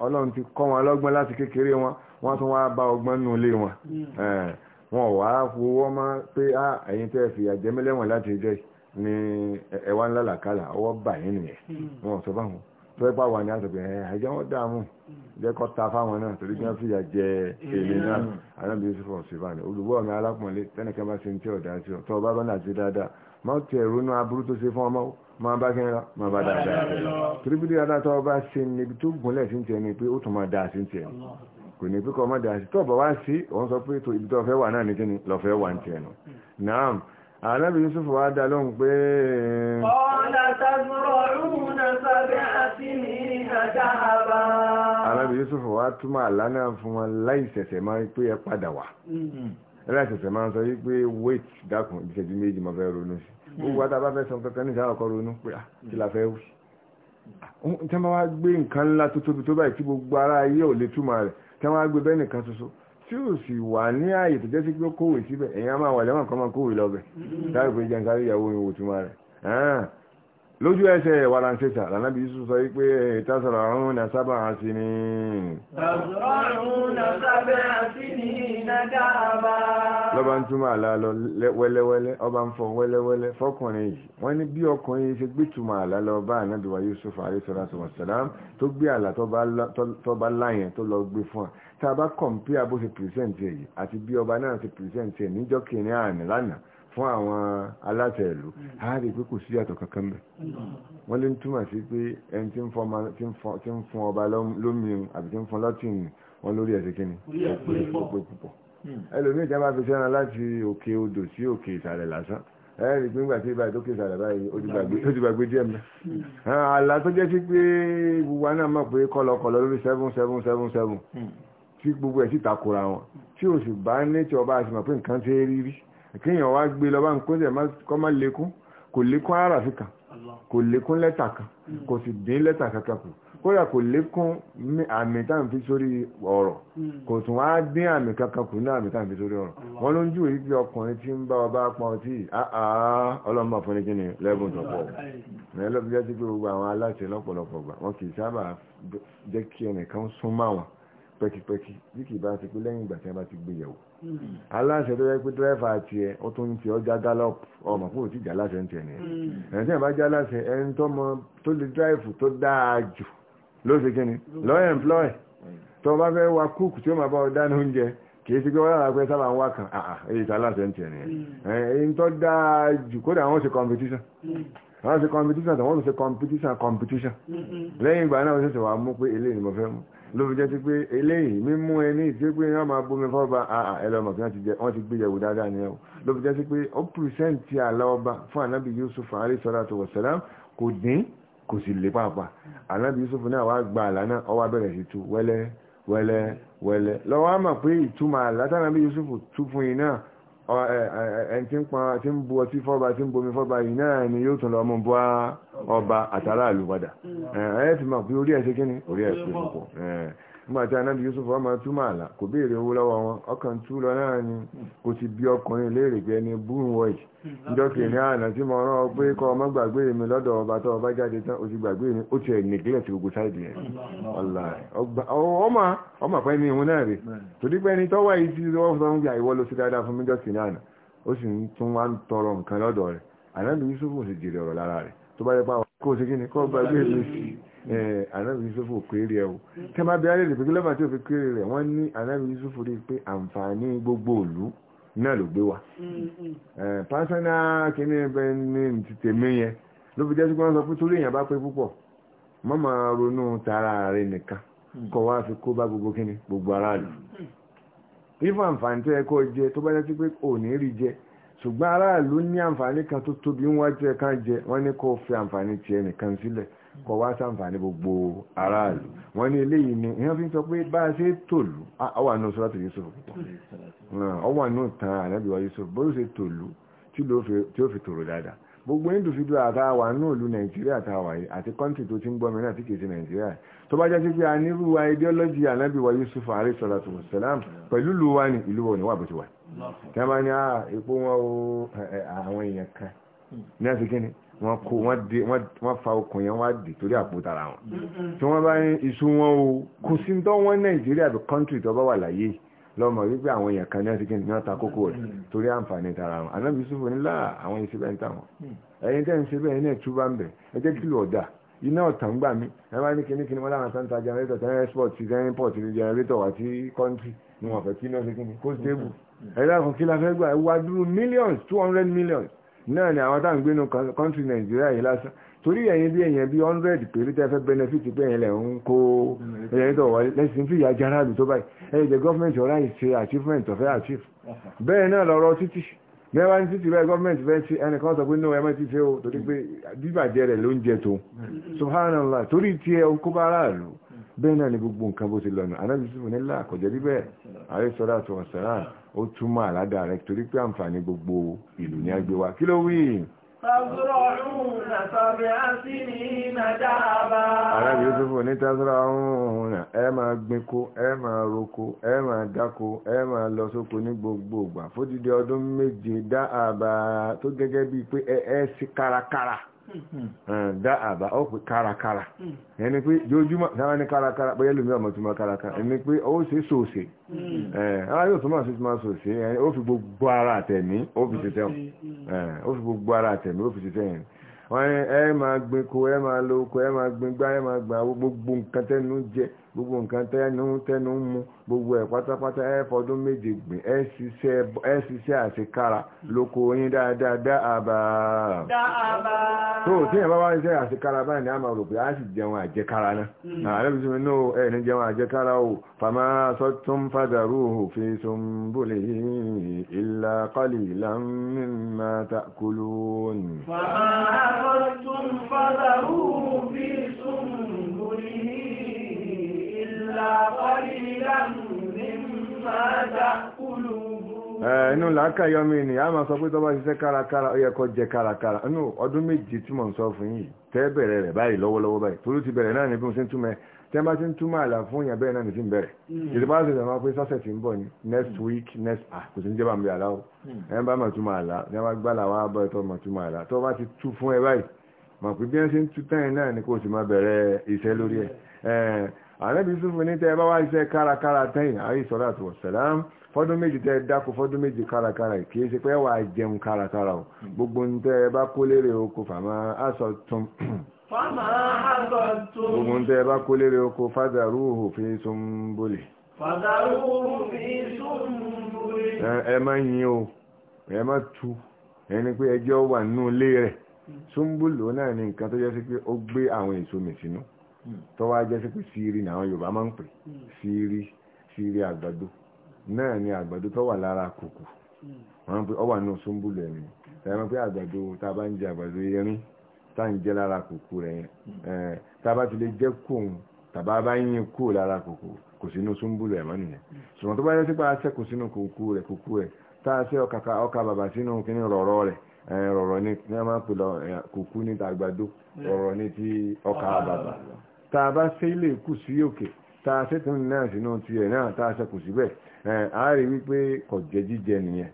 ọlọ́run ti kọ́ wọn lọ́gbọ́n láti kékeré wọn wọ́n tún wá bá ọgbọ́n nù ilé wọn wọn wà á fowó mọ́ pé ẹ̀yin tẹ́ fìyà jẹ́mẹ́lẹ́wọ̀n láti jẹ́ ni ẹ̀wá ńlá làkàlà ọwọ́ bà yín nìyẹn wọn ò sọ báwọn tó ẹ́pà wà ní àtọ̀gbẹ̀ ẹ̀ àìjẹ́ wọ́n dààmú jẹ́ kọ́ ta fáwọn náà torí kí wọ́n fìyà jẹ èlé náà anábì mm. yusuf ọ̀sìnbàní olùgbọ́ mi alápọ̀nlé tẹ́nìkan bá ṣe ń tí ọ̀dà tí ọ̀ tọ́ bá náà ṣe dáadáa má ti ẹ̀rú náà aburú tó ṣe fún ọmọ máa bá kí ńlá bá dáadáa torí bí dáadáa tó bá ṣe níbi tó gúnlẹ̀ sí tiẹ̀ ni pé ó tún máa dáa sí tiẹ̀ kò ní pé kọ́ má dáa sí Yusuf wá túmọ̀ àlá náà fún wọn láìsẹ̀sẹ̀ máa ń pé ẹ padà wá mm-hmm. láìsẹ̀sẹ̀ máa ń sọ wípé wait dákun ìṣẹ́jú méjì mo fẹ́ ronú sí gbogbo àtàbá mm-hmm. fẹ́ sọ kankan ní ìṣàkọ́ ronú pé ah, kí la fẹ́ wí mm-hmm. tí wọ́n wá gbé nǹkan ńlá tó tóbi tó báyìí tí gbogbo ara ayé ò lè túmọ̀ rẹ̀ tí wọ́n wá gbé bẹ́ẹ̀ nìkan ṣoṣo tí ò sì wà ní ààyè tó jẹ́ sí pé kówè síbẹ̀ èèyàn máa wà lẹ́wọ̀n kan máa kówè lọ́bẹ̀ dáàbò pé sáré ìyàwó ìwò túmọ̀ rẹ̀ lójú ẹsẹ̀ wàlàǹsẹ̀sà lànàbí yusuf sọ wípé ìtàsọ̀rọ̀ ọ̀run na sábà á sí ní lọ́bá ń túmọ̀ àlá lọ wẹ́lẹ́wẹ́lẹ́ ọba ń fọ wẹ́lẹ́wẹ́lẹ́ fọ́kùnrin yìí wọ́n ní bí ọkùnrin yìí ṣe gbé túmọ̀ àlá lọ bá ànábì wa yusuf alayhi wassalam tó gbé àlá tó bá láyẹn tó lọ gbé fún ta bá kọ̀m̀pí abó ṣe pìrìsẹ̀ǹtì èyí àti bí ọba náà ṣe pìrìsẹ̀ǹtì ẹ̀ níjọ́ kìnìún àná lánàá fún àwọn aláṣẹ ìlú hmm. a rí pé kò sí yàtọ̀ kankan mẹ́ hmm. wọ́n lè túmọ̀ sí pé ẹni tí ń fún ọba lómi àbí tí ń fún lọ́tìn wọn lórí ẹ̀sẹ̀ kíni ó pé púpọ̀ hmm. ẹlòmíì tí a bá fi sẹ́ran láti òkè odò sí òkè ìsàlẹ̀ lásán ẹ̀rì pé tí ìbáyìí tó kí sàrẹ̀ báyìí ó ti gbàgbé díẹ̀ mẹ́. àlá tó jẹ́ sí pé gbogbo àná mọ̀ pé kọlọkọlọ lórí seven seven seven seven tí gbogbo ẹ̀ sì takora wọn tí o sì bá ní tí ọba àti mọ̀ pé nǹkan ṣe rí rí kéèyàn wá gbé lọ́ba nǹkó tẹ̀ kọ́ má lékún kò lékún àràfin kan kò lékún lẹ́tà kan kò sì dín lẹ́tà kankan kù kódà kò lékún àmì tá à ń fi sórí ọ̀rọ̀ kò tún wá dín àmì kankan kù ní àmì tá à ń fi sórí ọ̀rọ̀ wọn ló ń jù wípé ọkùnrin tí ń bá ọba pa ọtí ọlọ́mọ àfoníkí ni lẹ́bùn tó pọ̀ lẹ́lọ́bí jẹ́ pé gbogbo àwọn aláṣẹ lọ́pọ̀lọpọ̀ gbà wọn kì í sábà jẹ́ kí ẹnìkan súnmọ́ àwọn pẹ́kipẹ́ki bí kì í bá ti pé lẹ́yìn ìgbà tí wọ́n bá ti gbé Hmm. aláṣẹ tó yẹ pé dírẹ́fà àti ẹ ó tún ti ọjà gallop ọmọ fún òtí ìjà aláṣẹ ń tẹ̀ ní ẹ̀ ẹ̀ tí ìbá jẹ́ aláṣẹ ẹni tó mọ tó lè dírẹ́fù tó dáa jù ló ṣe kí ni lọ́ọ̀ employ hmm. tó bá fẹ́ wa cook tí ó máa bá ọ dáná oúnjẹ kì í sí pé wọ́n lára pé sábà ń wá kan èyí tí aláṣẹ ń tẹ̀ ní ẹ̀ dáa jù kódà wọ́n ṣe competition hmm wọ́n ṣe competition tàwọn ṣe competition competition mm-hmm. lẹ́yìn ìgbà náà ṣẹ̀ṣẹ̀ wà mú pé eléyìí ni mo fẹ́ mú ló fi jẹ́ sí pé eléyìí mímú ẹni tí pé wọ́n máa bomi fọ́ba àà ah, ah, ẹlọ́mọ̀ tí wọ́n ti gbé yẹ̀wò dáadáa ni ẹ̀wọ̀ ló fi jẹ́ sí pé ó pìrìsẹ́ǹtì àlá ọba fún anábì Yusuf alayhi salatu wa salam kò dín kò sì lè pàápàá anábì Yusuf náà wá gba àlá náà ó wá bẹ̀rẹ̀ sí wẹ́lẹ́ wẹ́lẹ́ wẹ́lẹ́ lọ́wọ́ á mọ̀ pé ìtumọ̀ àlá tánàbí Yusuf tú fún yìí náà ẹn tí ń pọn tí ń bu ọtí ni yóò tún lọ mú bọ́ ọba àtàrà àlùpadà mm. ẹ ẹ nígbà tí anábì Yusuf wọ́n máa túmọ̀ àlà kò béèrè owó lọ́wọ́ wọn ọkàn tú lọ náà ni kò ti bí ọkùnrin léèrè pé ẹni búrú wọ̀nyí kìíní àná tí rán ọ pé ọmọ gbàgbé mi lọ́dọ̀ ọba tó ọba jáde tán o ti gbàgbé ó ti ẹ̀ gbogbo sáìdì ẹ̀ ọmọ ọmọ ẹni tọ́wọ́ yìí ti wọ́n gbà lọ sí dáadáa fún kìíní anabi yusufu kéré ẹ̀ o tẹ́ máa bí alẹ́ rẹ̀ pé tí fi kiri rẹ̀ wọ́n ní anabi yusufu rí pé àǹfààní gbogbo òlú náà ló gbé wa mm-hmm. pásánà kìíní ẹgbẹ́ ní ti tèmi yẹn ló fi jẹ́ pé wọ́n sọ pé torí èèyàn bá tara nìkan mm-hmm. kọ́ wá fi kó bá gbogbo kíni gbogbo ara mm-hmm. ifo àǹfààní jẹ pé ò ní ṣùgbọ́n aráàlú ní àǹfààní kan tó kọ wá sáǹfààní gbogbo aráàlú wọ́n ní eléyìí ni èèyàn fi ń sọ pé bá a ṣe tòlú ọwà nù sọ́tù Yusuf ọwà nù tán ànábìwá Yusuf bó ṣe tòlú tí ó fi tòrò dáadáa gbogbo ìdùfidù àtàwà náà lu nàìjíríà àtàwà yìí àti kọ́ńtì tó ti ń gbọ́mí náà tí kìí nàìjíríà tó bá jẹ́ sí pé a nírú ideology ànábì wa yusuf alayhi salatu wassalam pẹ̀lú lu wa ní ìlú wọn níwà bó ti wà tí a máa ní epo ah, àwọn èèyàn kan ní àti kíni wọ́n kó wọ́n fa okùn yẹn wá dì torí àpò tara wọn mm-hmm. tí wọ́n bá ní iṣu wọn o kò sí tó wọ́n nàìjíríà bí kọ́ńtì tó bá wà láyé lọ́mọ wípé àwọn èèyàn kan ní ọ̀sìn kìíní náà ta kókó rẹ̀ mm-hmm. torí àǹfààní tara wọn anábì Yusuf nílá àwọn èsì bẹ́ẹ̀ ń tà wọn mm-hmm. ẹ̀yin tẹ́ ń ṣe bẹ́ẹ̀ náà túbà ń bẹ̀ ẹ jẹ́ kí lù ọ̀dà iná ọ̀tàn gbà mí ẹ bá ní kíní kíní wọn láwọn sáńtà la fẹ́ gbà millions two hundred millions náà ni àwọn táwọn gbénu kọ́ńtì nàìjíríà yìí lásán torí ẹ̀yin bí ẹ̀yin bí hundred péré tẹ́ fẹ́ benefit pé ẹ̀yin lẹ̀ ń kó ẹ̀yin tó wọlé lẹ́sìn fi ìyá jara lù tó báyìí ẹ̀yin jẹ́ gọ́fìmẹ̀ntì ọ̀rá yìí ṣe achievement ọ̀fẹ́ achieve bẹ́ẹ̀ náà lọ́rọ̀ títì mẹ́wàá ní títì bẹ́ẹ̀ gọ́fìmẹ̀ntì fẹ́ ṣe ẹnì kan sọ pé náà ẹ má ti ṣe o torí pé bíbàjẹ́ rẹ̀ ló ń bẹ́ẹ̀ náà ni gbogbo nǹkan bó ti lọ́nà anábì Yúsúfù nílá àkọ̀jẹ́ rí bẹ́ẹ̀ ààrẹ sọ́dá tó wọ̀n sẹ́rà ó túmọ̀ àládà rẹ̀ torí pé àǹfààní gbogbo ìlú ní agbé wa kí ló wí. anábì ní tazura ní dáàbà tó gẹ́gẹ́ bíi ẹ dáa bá ó pè kárakára ẹni pé jójúmọ́ sáwọn ní kárakára bóyá lómi ọmọ tó máa kárakára ẹni pé ó ṣe sòṣe ara yóò tó máa ṣe tó máa sòṣe ó fi gbogbo ara àtẹ̀mí ó fi ṣiṣẹ́ ó hmm. eh, fi gbogbo ara àtẹ̀mí ó fi ṣiṣẹ́ yẹn wọ́n ẹ máa gbin ko ẹ máa lo ko ẹ máa gbin gbá ẹ máa gbà gbogbo nǹkan tẹ́nu jẹ́ gbogbo nǹkan tẹnu tẹnu mu gbogbo ẹ̀ pátápátá ẹ fọdún méje gbìn ẹ ṣiṣẹ́ àṣekára lóko yín dáadáa dáàbà tó tí ẹ̀ bá wá ṣiṣẹ́ àṣekára báyìí ní àmà rò pé a sì jẹun àjẹkára náà àrẹ́bìsí mi náà ẹ̀ ní jẹun àjẹkára o fàmà sọ́tún fàdàrú òfin sọ́mbólè ìlà kọ́lì ìlànà tàkùlù ni. fàmà sọ́tún fàdàrú òfin sọ́mbólè inú làákà yọmí ni a máa sọ pé tọ́bá ṣiṣẹ́ kárakára ó yẹ kó jẹ kárakára inú ọdún méjì tí mò ń sọ fún yìí tẹ́ bẹ̀rẹ̀ rẹ̀ báyìí lọ́wọ́lọ́wọ́ báyìí torí ti bẹ̀rẹ̀ náà ní bí mo ṣe ń túmọ̀ tẹ́ bá ti ń túmọ̀ àlà fún yàn bẹ́ẹ̀ náà ní fi ń bẹ̀rẹ̀ ìdìbò àti ìdàmọ́ pé sọ́sẹ̀ ti ń bọ̀ ní next week next ah kò sí ń jẹ́bà ń bẹ àlá o hmm. ẹ̀ ń bá mà túmọ̀ àlá ní a bá gbàlà wá bọ́ ẹ̀tọ́ mà túmọ̀ àlá tọ́ bá ti tú fún ẹ báyìí mà pé bí wọ́n ṣe ń tú tẹ́yìn náà ni kò sì máa bẹ̀rẹ̀ iṣẹ́ lórí ẹ̀ hmm ànábì Yúsúfù ní tẹ́ ẹ bá wá iṣẹ́ kárakára tẹ́yìn àrí sọ́lá àti wọ̀sẹ̀lám fọ́dún méjì tẹ́ ẹ dákú fọ́dún méjì kárakára kì í ṣe pé wà á jẹun kárakára o hmm. gbogbo ní tẹ́ ẹ bá kó lérè oko fàmà aṣọ tún <coughs> gbogbo ní tẹ́ ẹ bá kó lérè oko fádàrúhù fi súnbólè fádàrúhù fi súnbólè ẹ má yín o ẹ má tu ẹni pé ẹjọ́ wà nínú ilé rẹ̀ hmm. súnbólè náà ni nǹkan tó yẹ sí pé ó gbé àwọn èso mi sínú. tó wá jẹ́ na yoruba síírí ni àwọn Yorùbá máa ń pè síírí síírí àgbàdo náà ni àgbàdo tó wà lára kòkò wọ́n pè ọwà náà sóńbùlù ẹ̀mí ẹ̀rọ pé àgbàdo tá a bá ń jẹ àgbàdo yẹrin tá à ń jẹ lára kòkò rẹ̀ yẹn tá a bá ti lè jẹ́ kóun tàbá bá ń yín kó lára kò ẹ̀mọ́ nìyẹn ṣùgbọ́n ti ọkà bàbà tá a bá ṣe ilé kù sí òkè tá a ṣètò náà sínú tiẹ̀ náà tá a síbẹ̀ a wípé kò jẹ jíjẹ nìyẹn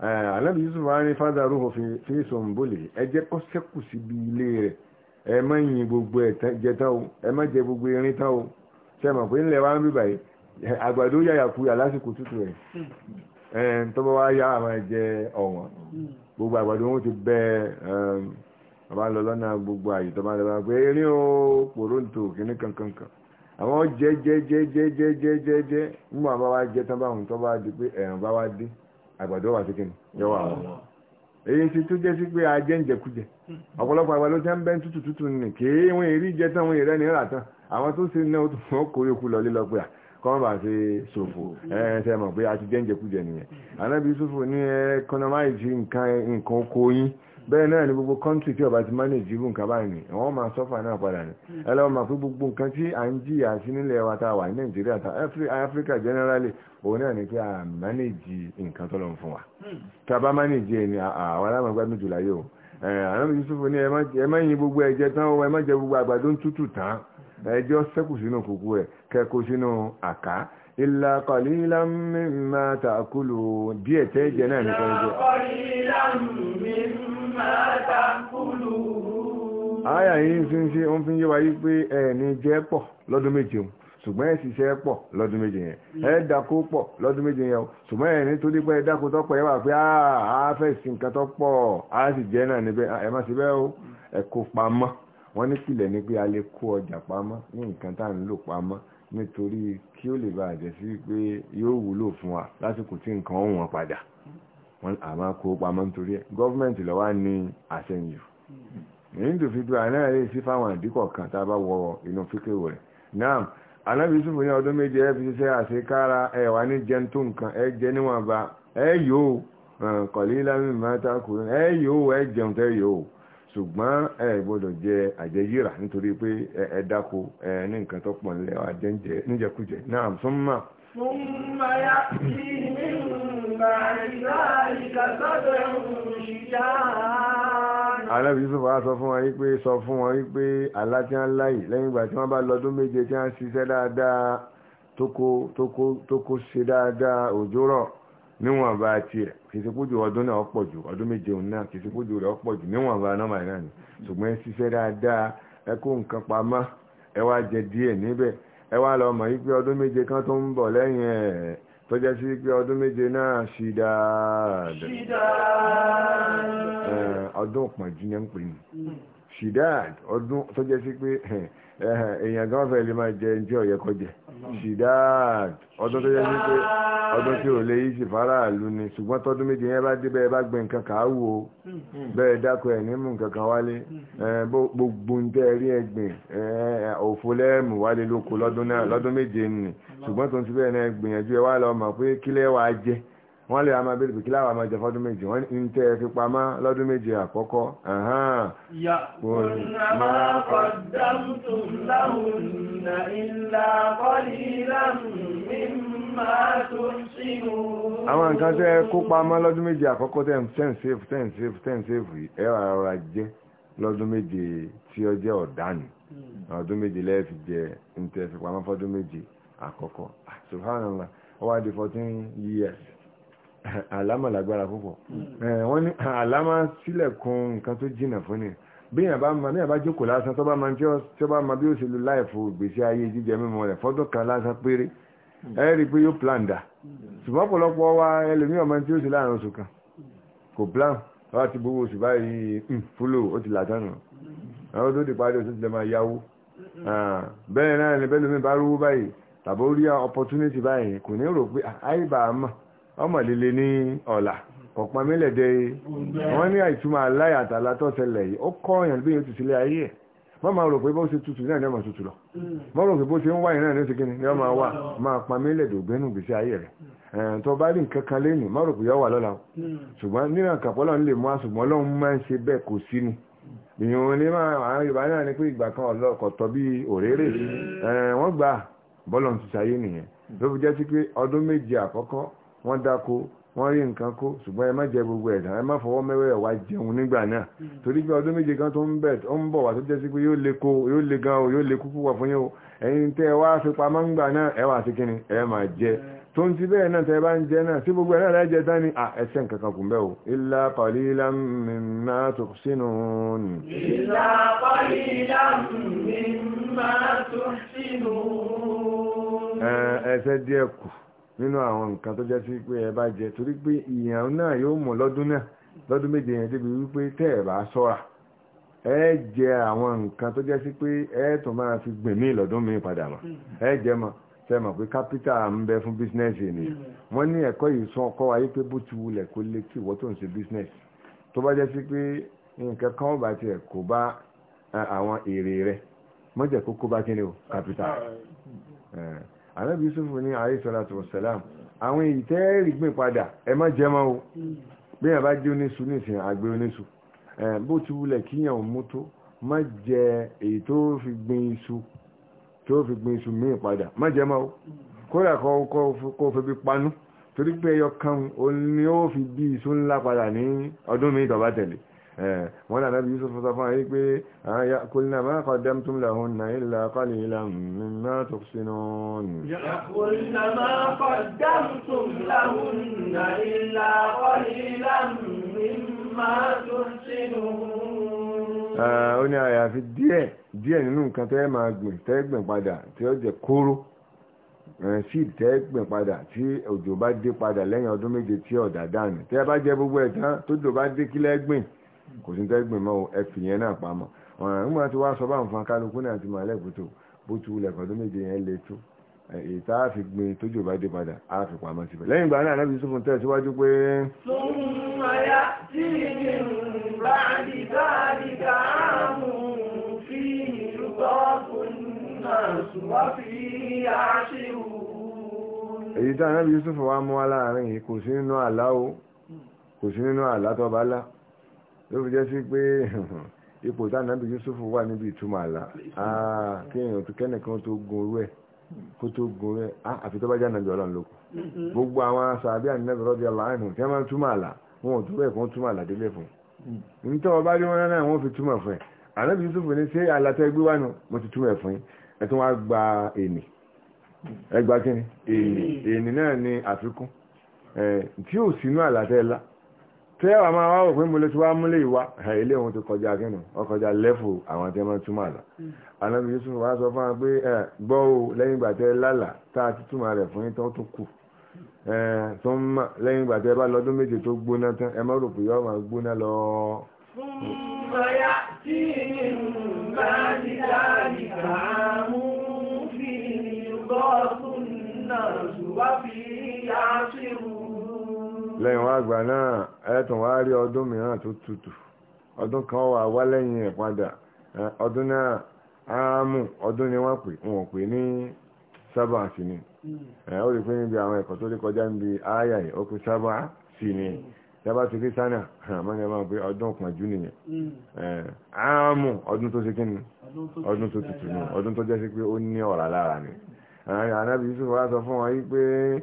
alábi yusuf wa ní fádà rúhọ fi sọmbólè ẹ jẹ́ kó ṣẹ́kù síbi ilé rẹ̀ ẹ má yin gbogbo jẹ tán o ẹ má jẹ gbogbo irin tán o ṣe mọ̀ pé ńlẹ̀ wa ń bíbà yìí àgbàdo yàyà kuyà lásìkò tútù rẹ̀ tọ́bọ̀ wá yá àwọn ẹ̀jẹ̀ ọ̀wọ́n hmm. gbogbo àgbàdo wọn ti bẹ́ẹ̀ bàbá lọ lọ́nà gbogbo àyè tó bá lọ́nà pé erin o pòróǹtò kìíní kankankan àwọn jẹ́ jẹ́ jẹ́ jẹ́ jẹ́ jẹ́ jẹ́ jẹ́ nígbà bá wá jẹ́ tán báwọn tó bá di pé ẹ̀rùn bá wá dé àgbàdo wà sí kìíní yọ wà wọn èyí ti tó jẹ́ sí pé ajẹ́ ń jẹkújẹ ọ̀pọ̀lọpọ̀ àgbà ló ti ń bẹ́ tútù tútù nì kí wọ́n èrí jẹ tán wọ́n èrẹ́ nìyẹn àtàn àwọn tó ṣe náà ó tún fún ọkùnrin òkú pé kọ́n bá ṣe ṣòfò ẹ̀ẹ́sẹ̀ mọ̀ pé a ti jẹ́ ń jẹkújẹ nìyẹn anábì ṣòfò ní ẹ̀ẹ́kọ́nọ́máìsì nǹkan oko yín bẹ́ẹ̀ náà ni gbogbo kọ́ntì tí ọba ti manage irú nǹkan báyìí ni wọ́n máa sọ́fà náà padà ni hmm. ẹ lọ́wọ́ máa fi gbogbo nǹkan tí à ń jìyà sí nílẹ̀ wa tá wà ní nàìjíríà tá áfíríkà generally òun náà ni pé à manage nǹkan tó lọ́n fún wa hmm. tá a bá manage ẹ̀ ni àwọn alámọ̀gbádùn jùlá yóò àwọn yusufu ni ẹ má yin gbogbo ẹ̀jẹ̀ tán ẹ má jẹ gbogbo àgbàdo ń tútù tán ẹjọ́ sẹ́kù sínú kùkù ẹ̀ kẹ́kù sínú àká illa qalilan mimma ta'kulu díẹ̀ tẹ́ jẹ náà nìkan jẹ. illa qalilan mimma Aya yìí sin ń fi ń fi ń yé wa yìí pé ẹni jẹ́ pọ̀ lọ́dún méje o ṣùgbọ́n ẹ̀ ṣiṣẹ́ pọ̀ lọ́dún méje yẹn ẹ̀ dákó pọ̀ lọ́dún méje yẹn o ṣùgbọ́n ẹ̀ nítorí pé ẹ̀ dákó tọ́pọ̀ ẹ̀ wà pé a fẹ́ sí nǹkan tọ́pọ̀ a sì jẹ́ náà níbẹ̀ ẹ̀ má ṣe bẹ́ẹ̀ o ẹ̀ kó pamọ́ wọ́n ní pìlẹ̀ ni pé a lè kó ọjà pamọ́ ní nǹkan tá à ń lò pamọ́ nítorí kí ó lè bàjẹ́ sí pé yóò wúlò fún wa lásìkò tí nǹkan ọ̀hún padà a ma kó pamọ́ nítorí ẹ̀ gọ́ọ̀mẹ̀ntì lọ́wọ́ ní àṣẹyìn èyí tó fi du àná sí a bá wọ inú fíkèwò rẹ̀ náà anábì Yúsúfù ní ọdún méje ẹ fi ṣe àṣekára ẹ wà ní jẹun tó nǹkan ẹ jẹ níwọ̀nba ẹ yóò kọ̀lílá mi máa ta ẹ yóò ẹ jẹun tẹ ṣùgbọ́n ẹ gbọ́dọ̀ jẹ nítorí pé ẹ dáko ẹ ثم يأتي من بعد ذلك سبع شجاع Ànábì Yúsúfù á sọ fún wọn wípé sọ fún wọn wípé àlá tí wọ́n láyì lẹ́yìn ìgbà tí wọ́n bá lọ́dún méje tí wọ́n ṣiṣẹ́ dáadáa tókó tókó tókó ṣe dáadáa òjò rọ̀ níwọ̀n bá tiẹ̀ kìsìkójú ọdún náà ọ̀pọ̀ jù ọdún méje òun náà kìsìkójú rẹ̀ ọ̀pọ̀ jù níwọ̀n bá nọ́mà náà ni ṣùgbọ́n ẹ ṣiṣẹ́ dáadáa ẹ kó nǹkan pamọ́ ẹ wá jẹ díẹ̀ níbẹ̀ ẹ wá lọ mọ̀ wípé ọdún méje kan tó ń bọ̀ lẹ́yìn ẹ̀ tó jẹ́ sí pé ọdún méje náà ṣìdáàd ọdún pọ̀jù ní ń pè ní ṣìdáàd ọdún tó jẹ́ sí pé èèyàn gan fẹ́ lè máa jẹ ẹni tí kọjẹ ṣìdáàd ọdún tó yẹ ní pé ọdún tí ò lè yí sí faraàlú ni ṣùgbọ́n tọdún méje yẹn bá dé bẹ́ẹ̀ bá gbé nǹkan kà á wò ó bẹ́ẹ̀ ẹ̀ nǹkan kan wálé gbogbo ń lẹ́ẹ̀mù wálé lóko lọ́dún méje nì ṣùgbọ́n tó ń ti bẹ́ẹ̀ náà gbìyànjú wọ́n lè àmà bẹ́ẹ̀ bìkílà àwọn àmàjẹ fọ́dún méjì wọ́n ń tẹ́ ẹ fi pamọ́ lọ́dún méjì àkọ́kọ́. yà kùnà kọ̀dámtùm láhùnà ìlà kọ́lílàmù àwọn nǹkan tẹ́ kó pamọ́ lọ́dún méjì àkọ́kọ́ ten safe ten safe ten safe yìí ẹ wà rọra jẹ lọ́dún méje tí ó jẹ́ ọ̀dánì hmm. ọdún méje lẹ́ẹ̀fi jẹ ní tẹ́ fi pamọ́ fọ́dún méje àkọ́kọ́ ah, subhanallah ó di fourteen years <laughs> àlámà lágbára púpọ̀ hmm. eh, wọ́n ní <laughs> àlámà sílẹ̀kùn nǹkan tó jìnà fún ni bí yàn bá ma bí yàn bá jókòó lásán tó bá ma tí ó bá ma bí ó ṣe lu láìfò gbèsè ayé jíjẹ mímu rẹ̀ fọ́dún kan lásán péré hmm. ẹ pé yóò plan dà hmm. ṣùgbọ́n ọ̀pọ̀lọpọ̀ wa ẹlòmíì ọmọ tí ó ṣe láàrin oṣù kan kò plan wá ti gbowó oṣù báyìí fúlò ó ti là tánu àwọn tó ti parí oṣù ti lè máa yáwó ah, bẹ́ẹ̀ náà ni bẹ́ẹ̀ lómi bá rówó báyìí tàbí ó rí opportunity báyìí kò ní rò pé àyíbá ah, àmọ́ ọmọ líle ní ọ̀la ọ̀pọ̀ mílẹ̀dẹ̀ wọ́n ní àìtúmọ̀ aláyàtà látọ́sẹlẹ̀ yìí ó kọ́ ọ̀yàn bí yóò ti sílé ayé ẹ̀ wọ́n máa rò pé bó ṣe tutù náà ní ọmọ tutù lọ wọ́n rò pé bó ṣe ń wá iná ní oṣù kìíní ní ọmọ wa máa pa mílẹ̀dẹ̀ ògbẹ́nu gbèsè ayé rẹ̀ tó bá rí nǹkan kan lẹ́yìn má rò pé yọ wà lọ́la ṣùgbọ́n nínú àkàpọ̀ lọ́n lè mú àṣùgbọ́n lọ́n máa ń ṣe bẹ́ẹ̀ kò sí ni ìyọ̀n ní máa àwọn Yorùbá náà ní pé ìgbà kan ọ̀tọ̀ bíi òréré wọ́n gbà bọ́lọ̀ ti ṣayé nìyẹn ló fi jẹ́ sí pé ọdún méje àkọ́kọ́ wọ́n dáko wọ́n rí nǹkan kó ṣùgbọ́n ẹ má jẹ gbogbo ẹ̀dàn ẹ má fọwọ́ mẹ́wẹ́ wá jẹun nígbà náà mm. torí pé ọdún méje kan tó ń bẹ̀ ó ń bọ̀ wá tó jẹ́ sí pé yóò le kó yóò le gan o yóò le kúkú wà fún yín o ẹ̀yin tẹ́ ẹ wá fi pamọ́ ńgbà náà ẹ wà sí kíni ẹ máa jẹ mm. tó ń ti bẹ́ẹ̀ náà tẹ́ bá ń jẹ náà sí gbogbo ẹ̀ náà jẹ tán ni ẹsẹ̀ nǹkan kan kù ń bẹ́ o. ilá pàlílà mímá tó sínú ni. ilá pàlílà mímá tó sínú. ẹsẹ̀ díẹ̀ kù nínú àwọn nǹkan tó jẹ́ sí pé ẹ bá jẹ torí pé ìyàn náà yóò mọ̀ lọ́dún náà lọ́dún méje yẹn débi wípé tẹ́ ẹ̀ bá ṣọ́ra ẹ jẹ àwọn nǹkan tó jẹ́ sí pé ẹ tó máa fi gbẹ̀mí lọ́dún mi padà mọ̀ ẹ jẹ mọ̀ tẹ́ mọ̀ pé kápítà ń bẹ fún bísínẹ́sì ni wọ́n ní ẹ̀kọ́ yìí sọ ọkọ wáyé pé bó ti wulẹ̀ kó lé kí ìwọ́ tó ń ṣe bísínẹ́sì tó bá jẹ́ sí pé nǹkan kan bá tiẹ̀ kó bá àwọn èrè rẹ̀ mọ́jẹ̀ kó bá kíni o kápítà anábì yusufu ní ayé sọ́látù wọ̀sálàm àwọn èyí tẹ́ẹ̀rì gbìn padà ẹ má jẹ́ mọ́ o bí yàn bá jẹ́ oníṣu nísìn àgbẹ̀ oníṣu bó ti wulẹ̀ kíyàn ò mú tó má jẹ èyí tó fi gbìn iṣu tó fi gbìn iṣu míì padà má jẹ́ mọ́ o kódà kó fi bí panú torí pé ẹyọ kan òun ni ó fi bí iṣu ńlá padà ní ọdún mi tó bá tẹ̀lé Eh, wọ́n náà lábí Yusuf sọ fún ayé pé àyà kúlnà máa kọ̀dám tún làhùn náà ilà kọ́lì ilà mímá tó sínú ó ní àyàfi díẹ̀ díẹ̀ nínú nǹkan tẹ́ máa gbìn tẹ́ gbìn padà tí ó jẹ́ kóró eh, seed tẹ́ padà tí òjò bá dé padà lẹ́yìn ọdún méje tí ọ̀dà dànù tẹ́ bá jẹ gbogbo ẹ̀ tán tójò bá dé kílẹ̀ gbìn kò sí tẹ́gbìn mọ́ ẹ̀fì yẹn náà pamọ́ ọ̀ràn nígbà tí wàá sọ bá nǹkan kálukú náà ti máa lẹ́bùtò bó tu lẹ́kọ̀ọ́ tó méje yẹn le tó ìta àfi gbin tójú bá dé padà àfi pamọ́ síbẹ̀ lẹ́yìn ìgbà náà anábì sọ́fún tẹ̀ síwájú pé. ثم يأتي من بعد ذلك Yusuf wa mú wa láàrin yìí kò sí nínú àlá o kò sí nínú àlá tó bá lá ló fi jẹ́ sí pé <laughs> ipò tánàbí Yusuf wà níbi ìtumọ̀ àlá kí èèyàn tó kẹ́nìkan tó gun orú ẹ̀ kó tó gun rẹ̀ àfi tó bá jẹ́ ànàbí ọlọ́run lókun mm-hmm. gbogbo àwọn sàbí ànàbí rọ́bì aláìhùn tí wọ́n máa ń túmọ̀ àlá wọn ò tó bẹ́ẹ̀ fún túmọ̀ àlá délé fún un nítorí mm-hmm. wọn bá rí wọn náà wọn fi túmọ̀ fún ẹ ànàbí Yusuf ní ṣé àlàtẹ́ gbé wánu mo ti túmọ̀ ẹ̀ fún yín ẹ tún wá gba ènì ẹ gba kíni ènì ènì náà ni tẹ́wà máa wá òpin mo lè tí wá múlé ìwá ilé òun ti kọjá gínú ọkọjá lẹ́fù àwọn tí wọ́n túmọ̀ hmm. àlá anábì Yusuf wá sọ fún wa pé ẹ gbọ́ o lẹ́yìn ìgbà tẹ́ lálà tá a ti túmọ̀ rẹ̀ fún yín tó tún kù ẹ tó ń mọ̀ lẹ́yìn ìgbà tẹ́ bá lọ́dún méje tó gbóná tán ẹ má rò pé yọ́ máa gbóná lọ. Wá fi aṣọ lẹ́yìn a àgbà náà ẹ̀tùn wá rí ọdún mìíràn tó tutù ọdún kan wà wá lẹ́yìn ẹ̀ padà ọdún náà ọdún ni wọ́n pè wọ́n pè ni hmm. ó rí pé níbi àwọn ẹ̀kọ́ tó lè kọjá níbi ááyà yìí ó sábà sí ni hmm. sábà ti rí àmọ́ni máa pé ọdún nìyẹn hmm. ọdún tó ṣe kíni ọdún tó tutù ni ọdún tó jẹ́ sí pé ó ní lára ni Yusuf wá sọ fún wọn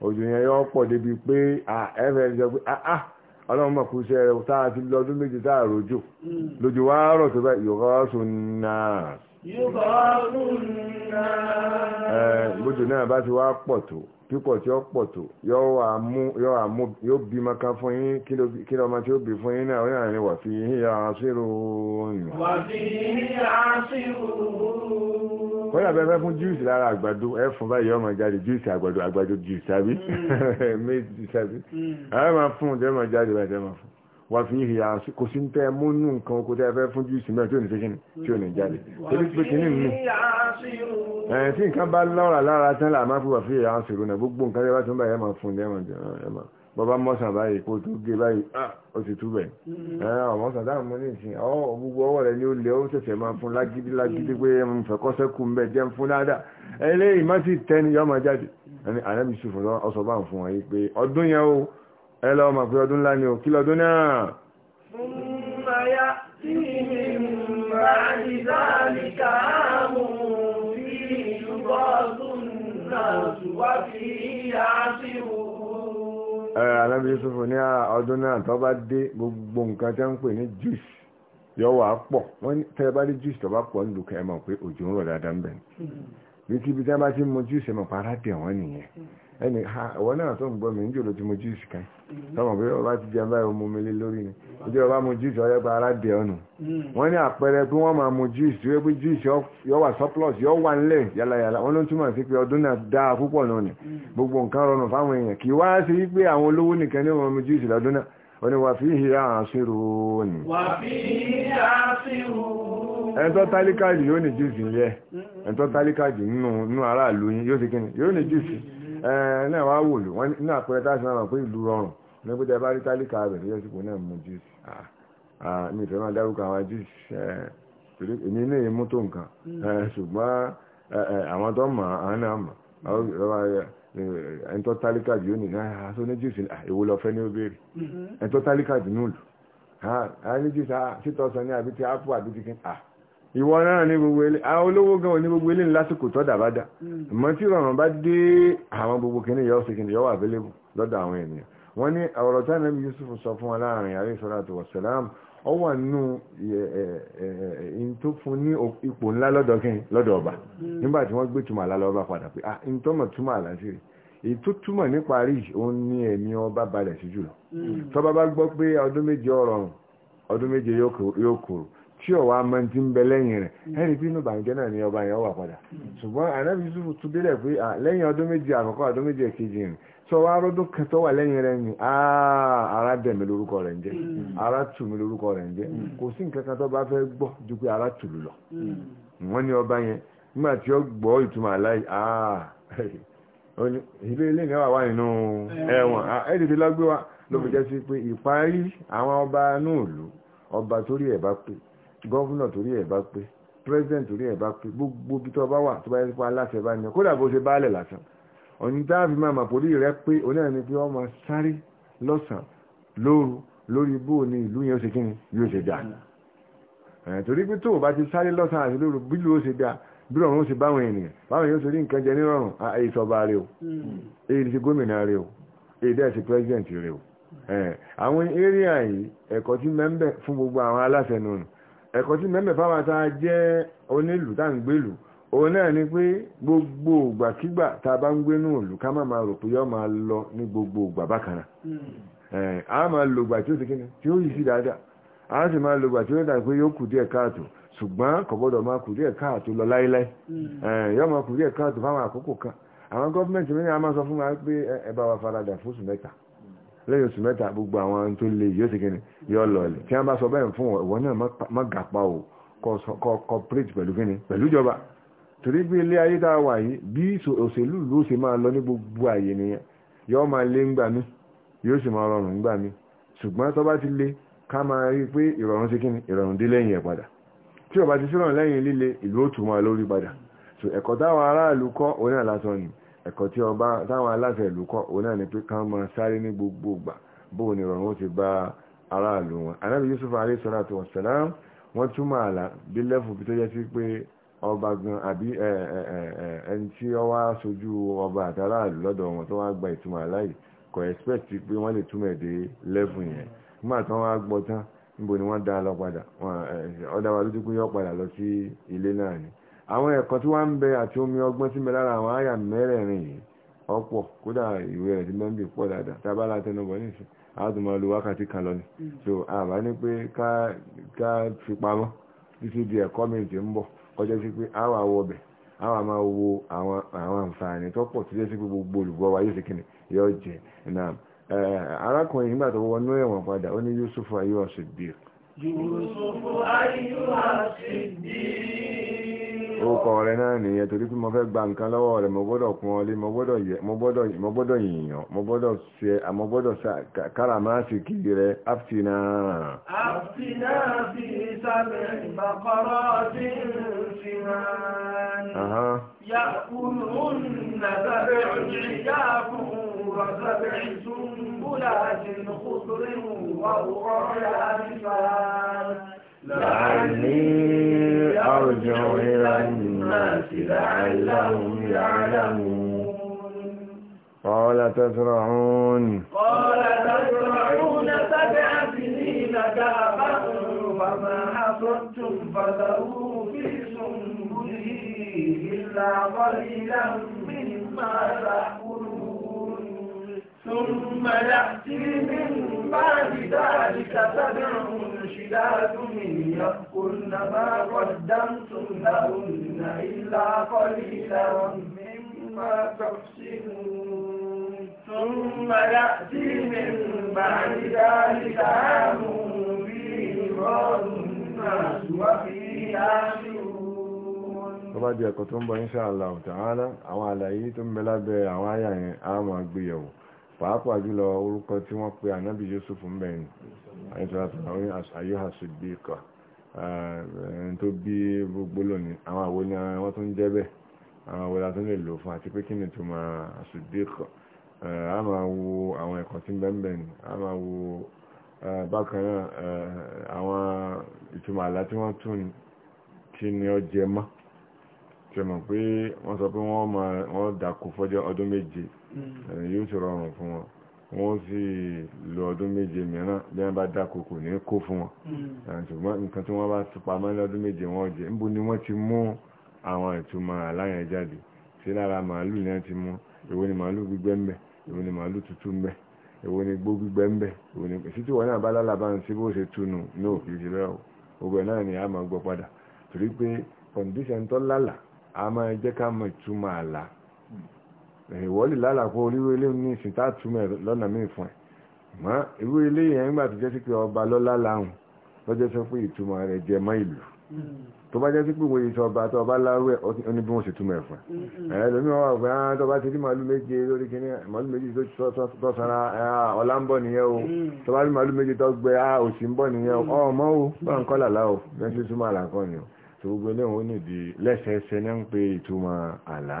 òjò ya yọ pọ̀ débi pé fn ah, ah, ọlọ́run mọ̀ kú iṣẹ́ rẹ̀ tá a fi lọ́dún méje tá a rojò hmm. lójú wa rọ̀ tó bá yòókọ́ sùn náà. náà. bójú náà bá ti wá pọ̀ tó pípọ̀ tí ó pọ̀ tó yóò bí maka fún yín kí lọ ma tí ó bí fún yín náà ni wà fi yín wà fi yín kódà bẹ́ẹ̀ fẹ́ fún júùsì lára àgbàdo ẹ fún báyìí ọmọ jáde júùsì àgbàdo àgbàdo júùsì tàbí méjì tàbí ẹ máa fún un tẹ́ máa jáde báyìí tẹ́ máa fún wà fi hìyà kò sí tẹ́ múnú nǹkan oko tẹ́ fẹ́ fún júùsì mẹ́rin tí ò ní sékìnì tí ò ní jáde torí pé kìíní nù ẹ̀yìn tí nǹkan bá lọ́ra lára tán là máa fi wà fi hìyà sírù náà gbogbo nǹkan tẹ́ bá tún báyìí ẹ máa fún un tẹ́ máa bọ́bá mọ́sàn báyìí kó tó gé báyìí ó ti túbẹ̀ ọmọsàn mm-hmm. dáhùn mọ́ ní ìsìn ọ gbogbo ọwọ́ rẹ̀ ní ó lẹ́ ó ṣẹ̀ṣẹ̀ máa fún lágídí lágídí pé ń fẹ́ kọ́sẹ́ kú ń bẹ̀ jẹ́ ń fún dáadáa eléyìí má sì tẹ́ni yọ́ máa jáde ànábì sùfún ọsọ bá ń fún wọn yìí pé ọdún yẹn o ẹ lọ́wọ́ máa pé ọdún ńlá ni o kí lọ́dún náà. Wa alábi yusufu ní ọdún náà tó bá dé gbogbo nǹkan tẹ́ ń pè ní juice yọ wà pọ̀ wọ́n ní tẹ́ bá dé juice tó bá pọ̀ ń dùkẹ́ mọ̀ pé òjò ń rọ̀ dáadáa ń bẹ̀ ní tíbi tẹ́ bá ti mu juice mọ̀ pàrọ̀ dẹ̀ wọ́n nìyẹn hmm. ẹni ha ọwọ́ náà tó ń gbọ́ mi ń jòló tí mo jíìsì kan sọmọ pé ọba ti jẹun báyìí ọmọ lé lórí ni ojú ọba mu jíìsì ara dẹ ọnù hmm. wọ́n ní àpẹẹrẹ pé wọ́n máa mu jíìsì tó pé jíìsì yọ wa surplus yọ wà yàlàyàlà wọ́n ló túmọ̀ sí pé ọdún náà púpọ̀ hmm. gbogbo nǹkan rọrùn fáwọn èèyàn kì í wá sí pé àwọn olówó nìkan ní lọ́dún náà náà wá wò lò wọ́n ní àpẹẹrẹ tá a sọ pé ìlú rọrùn ní pé tẹ́ bá rí tálíkà rẹ̀ yẹ sípò náà mú jíìsì mi ìfẹ́ máa dárúkọ àwọn jíìsì èmi ní èyí mú tó nǹkan hmm. ṣùgbọ́n àwọn tó mọ̀ àwọn náà mọ̀ hmm. ẹni tó tálíkà jù ní àṣọ ah, ah, ní jíìsì ah, èwo lọ fẹ́ ní ó béèrè hmm. ẹni tó tálíkà jù ní òlù àṣọ ní jíìsì títọ́sọ ní àbí ti ápù àbí ti kí ìwọ náà ní gbogbo ilé àwọn olówó gan ní gbogbo ilé lásìkò tọ́dà bá dà hmm. mọ́ tí rọrùn bá dé àwọn gbogbo kìíní yọ sí kìíní yọ wà available lọ́dọ̀ àwọn ènìyàn wọ́n ní ọ̀rọ̀ tí ànábì Yusuf sọ fún wọn láàrin àrí sọ́dọ̀ wọ̀sẹ̀lám ọ wà nínú in tó fún ní ipò ńlá lọ́dọ̀ kìíní lọ́dọ̀ ọba hmm. nígbà tí wọ́n gbé túmọ̀ àlá lọ́ba padà pé ah túmọ̀ àlá sí túmọ̀ ní Paris òun ní ẹ̀mí ọba balẹ̀ sí jùlọ hmm. tọ́ba bá gbọ́ pé ọdún méje ọ̀rọ̀rùn ọdún méje yóò kúrò tí ọ̀wà máa ti ń bẹ lẹ́yìn rẹ̀ mm. ẹni bí inú bàǹjẹ́ náà ni ọba yẹn wà padà ṣùgbọ́n ànábì Yúsúfù tún délẹ̀ pé lẹ́yìn ọdún méje àkọ́kọ́ ọdún méje kejì rìn sọ wá rọ́dún kẹtọ́ wà lẹ́yìn rẹ̀ ni ara dẹ̀ mi lórúkọ rẹ̀ ń jẹ́ mm. ara tù mi lórúkọ rẹ̀ ń jẹ́ mm. kò sí nǹkan kan tó bá fẹ́ gbọ́ ju pé ara tù lù lọ wọ́n ní ọba yẹn nígbà tí ó gbọ́ ìtumọ̀ aláì ilé ilé ìyẹn wà wà nínú ẹ̀wọ̀n ẹ̀dìdì lọ́gbé wa ló fi jẹ́ sí pé ìparí àwọn ọba náà lù ọba torí ẹ̀ bá pè gọ́vùnà torí ẹ̀ bá pé president torí ẹ̀ bá pé gbogbo bí tó bá wà tó bá yẹ kó aláṣẹ bá ní ọ kódà bó ṣe báálẹ̀ lásán ọ̀nì tá a fi máa màpòrí rẹ pé onáà ni pé wọ́n máa sáré lọ́sàn lóru lórí bó ni ìlú yẹn ó ṣe kíni yóò ṣe dáa torí pé tó o bá ti sáré lọ́sàn àti lóru bí ló ṣe dáa bí ọ̀run ṣe báwọn ènìyàn báwọn ènìyàn ṣe rí nǹkan jẹ nírọ̀rùn ìṣọba rẹ o hmm. èyí ti gómìnà rẹ o èyí dẹ́ ti president rẹ o àwọn area yìí ẹ̀kọ́ ti mẹ́ńbẹ̀ fún gbogbo àwọn aláṣẹ nù ẹ̀kọ́ tí mẹ́mẹ́ fáwọn tá a jẹ́ onílù tá ń ni pé gbogbo ògbàkígbà tá a bá ń gbénú òlù ká má máa rò pé yọ́ lọ ní gbogbo ògbà bákan hmm. a máa lògbà tí ó ti kíni tí ó yìí sí dáadáa a sì máa lògbà tí ó dà yóò kù díẹ̀ káàtó ṣùgbọ́n kò gbọ́dọ̀ máa kù díẹ̀ káàtó lọ láíláí hmm. yọ́ máa kù díẹ̀ káàtó fáwọn àkókò kan àwọn gọ́ọ̀mẹ̀ntì mi ni a máa sọ fún wa pé ẹ bá wa lẹ́yìn oṣù mẹ́ta gbogbo àwọn tó lè yóò ti kíni yọ lọlẹ̀ tí wọ́n bá sọ bẹ́ẹ̀ fún ìwọ náà má gàpa o kọ corporate pẹ̀lú kíni pẹ̀lú ìjọba torí pé ilé ayé tá a wà yìí bí òṣèlú ló ṣe máa lọ ní gbogbo àyè nìyẹn yọ máa lé ńgbà mí yóò sì máa rọrùn ńgbà mí ṣùgbọ́n tó bá ti lé ká máa rí pé ìrọ̀rùn ṣe kíni ìrọ̀rùn dé lẹ́yìn ẹ̀ padà tí ọba ti síràn lẹ́yìn líle ìlú ó tù máa lórí padà ẹ̀kọ́ tí ọba táwọn aláṣẹ ìlú kọ́ òun náà ni pé ká máa sáré ní gbogbo ìgbà bóun ni rọrùn ó ti bá aráàlú wọn anábì Yusuf alayhi salatu wassalam wọ́n túmọ̀ àlá bí lẹ́fù bí tó yẹ sí pé ọba gan àbí ẹni tí ó wá sojú ọba àtàràlù lọ́dọ̀ wọn tó wá gba ìtumọ̀ àlá kò expect pé wọ́n lè túmọ̀ èdè lẹ́fù yẹn nígbà tí wọ́n wá gbọ́ tán níbo ni wọ́n dá lọ padà ọ̀dà wa lójú pé yọ padà lọ sí ilé náà ni àwọn ẹ̀kọ́ tí wọ́n ń bẹ àti omi ọgbọ́n tí ń bẹ lára àwọn àyà mẹ́rẹ̀ẹ̀rin yìí ọ̀pọ̀ kódà ìwé rẹ̀ ti máa ń bè pọ̀ dáadáa tábà látẹnubọ̀ nìsín àádùn máa lo wákàtí kan lọ ni mm. so àbá ní pé ká fi pamọ́ títí di ẹ̀kọ́ mi ti ń bọ̀ kọjá sí pé àwa àwọ ọbẹ̀ àwa máa wo àwọn àǹfààní tó pọ̀ tó jẹ́ sí pé gbogbo olùgbọ́ wa yóò sì kíni yóò jẹ náà arákùnrin nígbà tó wọnú ẹ̀wọ̀n padà ó ní Yusuf ayé wa sì bí. Yusuf ayé wa sì bí orúkọ rẹ náà nìyẹn torí pé mo fẹ́ gba nǹkan lọ́wọ́ rẹ mo gbọ́dọ̀ pọ́n ọ lé mo gbọ́dọ̀ yẹ mo gbọ́dọ̀ mo gbọ́dọ̀ yìnyàn mo gbọ́dọ̀ ṣe mo gbọ́dọ̀ káràmáàsìkì rẹ aftina. aftina fi sábẹ̀ ìbàkọ́rọ́ ti ń fi hàn. يأكلهن سبع عجاف وسبع سنبلات خضر وأخرى يابسات لعلي أرجع إلى الناس لعلهم يعلمون قال تزرعون قال تزرعون سبع سنين دابا فما حصدتم فذروه في سنبله إلا قليلا مما تأكلون ثم يأتي من بعد ذلك سبع المرشدات مني ما قدمتم لهن إلا قليلا مما تحسنون ثم يأتي من بعد ذلك عام فيه غار الناس وفيه عاشرون tó bá di ẹ̀kọ́ tó ń bọ̀ insha Allah àwọn àlàyé tó ń bẹ àwọn àyà yẹn a pàápàá jùlọ orúkọ tí wọ́n pe ànábì Yusuf ń bẹ àyíṣàtàwí àṣàyíhà sídìkà tó bí gbogbo lónìí àwọn àwo ni wọ́n tún jẹ́ bẹ́ẹ̀ àwọn àwo la tún lè lò fún àti pé kí ni tó máa àṣìdìkà a máa wo àwọn ẹ̀kọ́ tí bẹ́ẹ̀ ni a máa wo eh, bákan náà eh, àwọn ìtumọ̀ àlá tí wọ́n tún kí ni ó jẹ mọ́ tẹmọ̀ pé wọ́n sọ pé wọ́n dákú fọ́jọ́ ọdún méje hmm. eh, yóò ṣòro ọ̀rùn fún wọn wọ́n sì lọ ọdún méje mìíràn bí wọ́n bá dákò kò ní kó fún wọn hmm. ṣùgbọ́n nǹkan tí wọ́n bá tupamọ́ lọ́dún méje wọ́n jẹ níbo ni wọ́n ti mú àwọn ìtumọ̀ aláyàn jáde sí lára màálù ni wọ́n ti mú èwo ni màálù gbígbẹ́ ń bẹ èwo ni màálù tútù ń bẹ èwo ni gbó gbígbẹ́ ń bẹ èwo ni títí wọn náà bá lálàbá ń sí bó ṣe túnu ní òkè ìwọ́lì eh, lálàpọ̀ oríwé ilé ní ìsìntà túmẹ̀ lọ́nà míì fún ẹ̀ mọ́ irú ilé yẹn nígbà tó jẹ́ sí pé ọba lọ́lá láhùn lọ́jọ́ sọ pé ìtumọ̀ rẹ̀ jẹ mọ́ ìlú tó bá jẹ́ sí pé wòye sọ ọba tó ọba láwẹ̀ ó ní bí wọ́n sì túmọ̀ ẹ̀ fún ẹ̀ ẹ̀ lómi wọn wà pé ah, tó bá ti rí màálù méje lórí kíní màálù méje tó sara ah, ọ̀la ń bọ̀ nìyẹn o mm-hmm. tó bá rí màálù méje tó gbẹ ah, òsì ń bọ̀ nìyẹn o mm-hmm. ọmọ o bá ń kọ́ làlá o bẹ́ẹ̀ sì túmọ̀ àlàkọ́ ni o tó gbogbo eléwọ̀n ó nìdí lẹ́sẹẹsẹ ní ń pe ìtumọ̀ àlá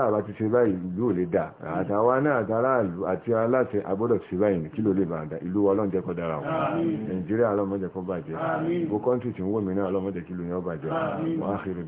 táàbà ti ṣe báyìí ìlú ò lè dà àtàwa náà àtàráàlú àti aláṣẹ agbọ́dọ̀ ti ṣe báyìí kí ló lè bà dá ìlú wa ọlọ́njẹ́ kọ́ dára wọn nàìjíríà ọlọ́mọdé kọ́ bàjẹ́ gbogbo kọ́ńtì tí ń wò mí náà ọlọ́mọdé ló yẹn bàjẹ́ wa akhiru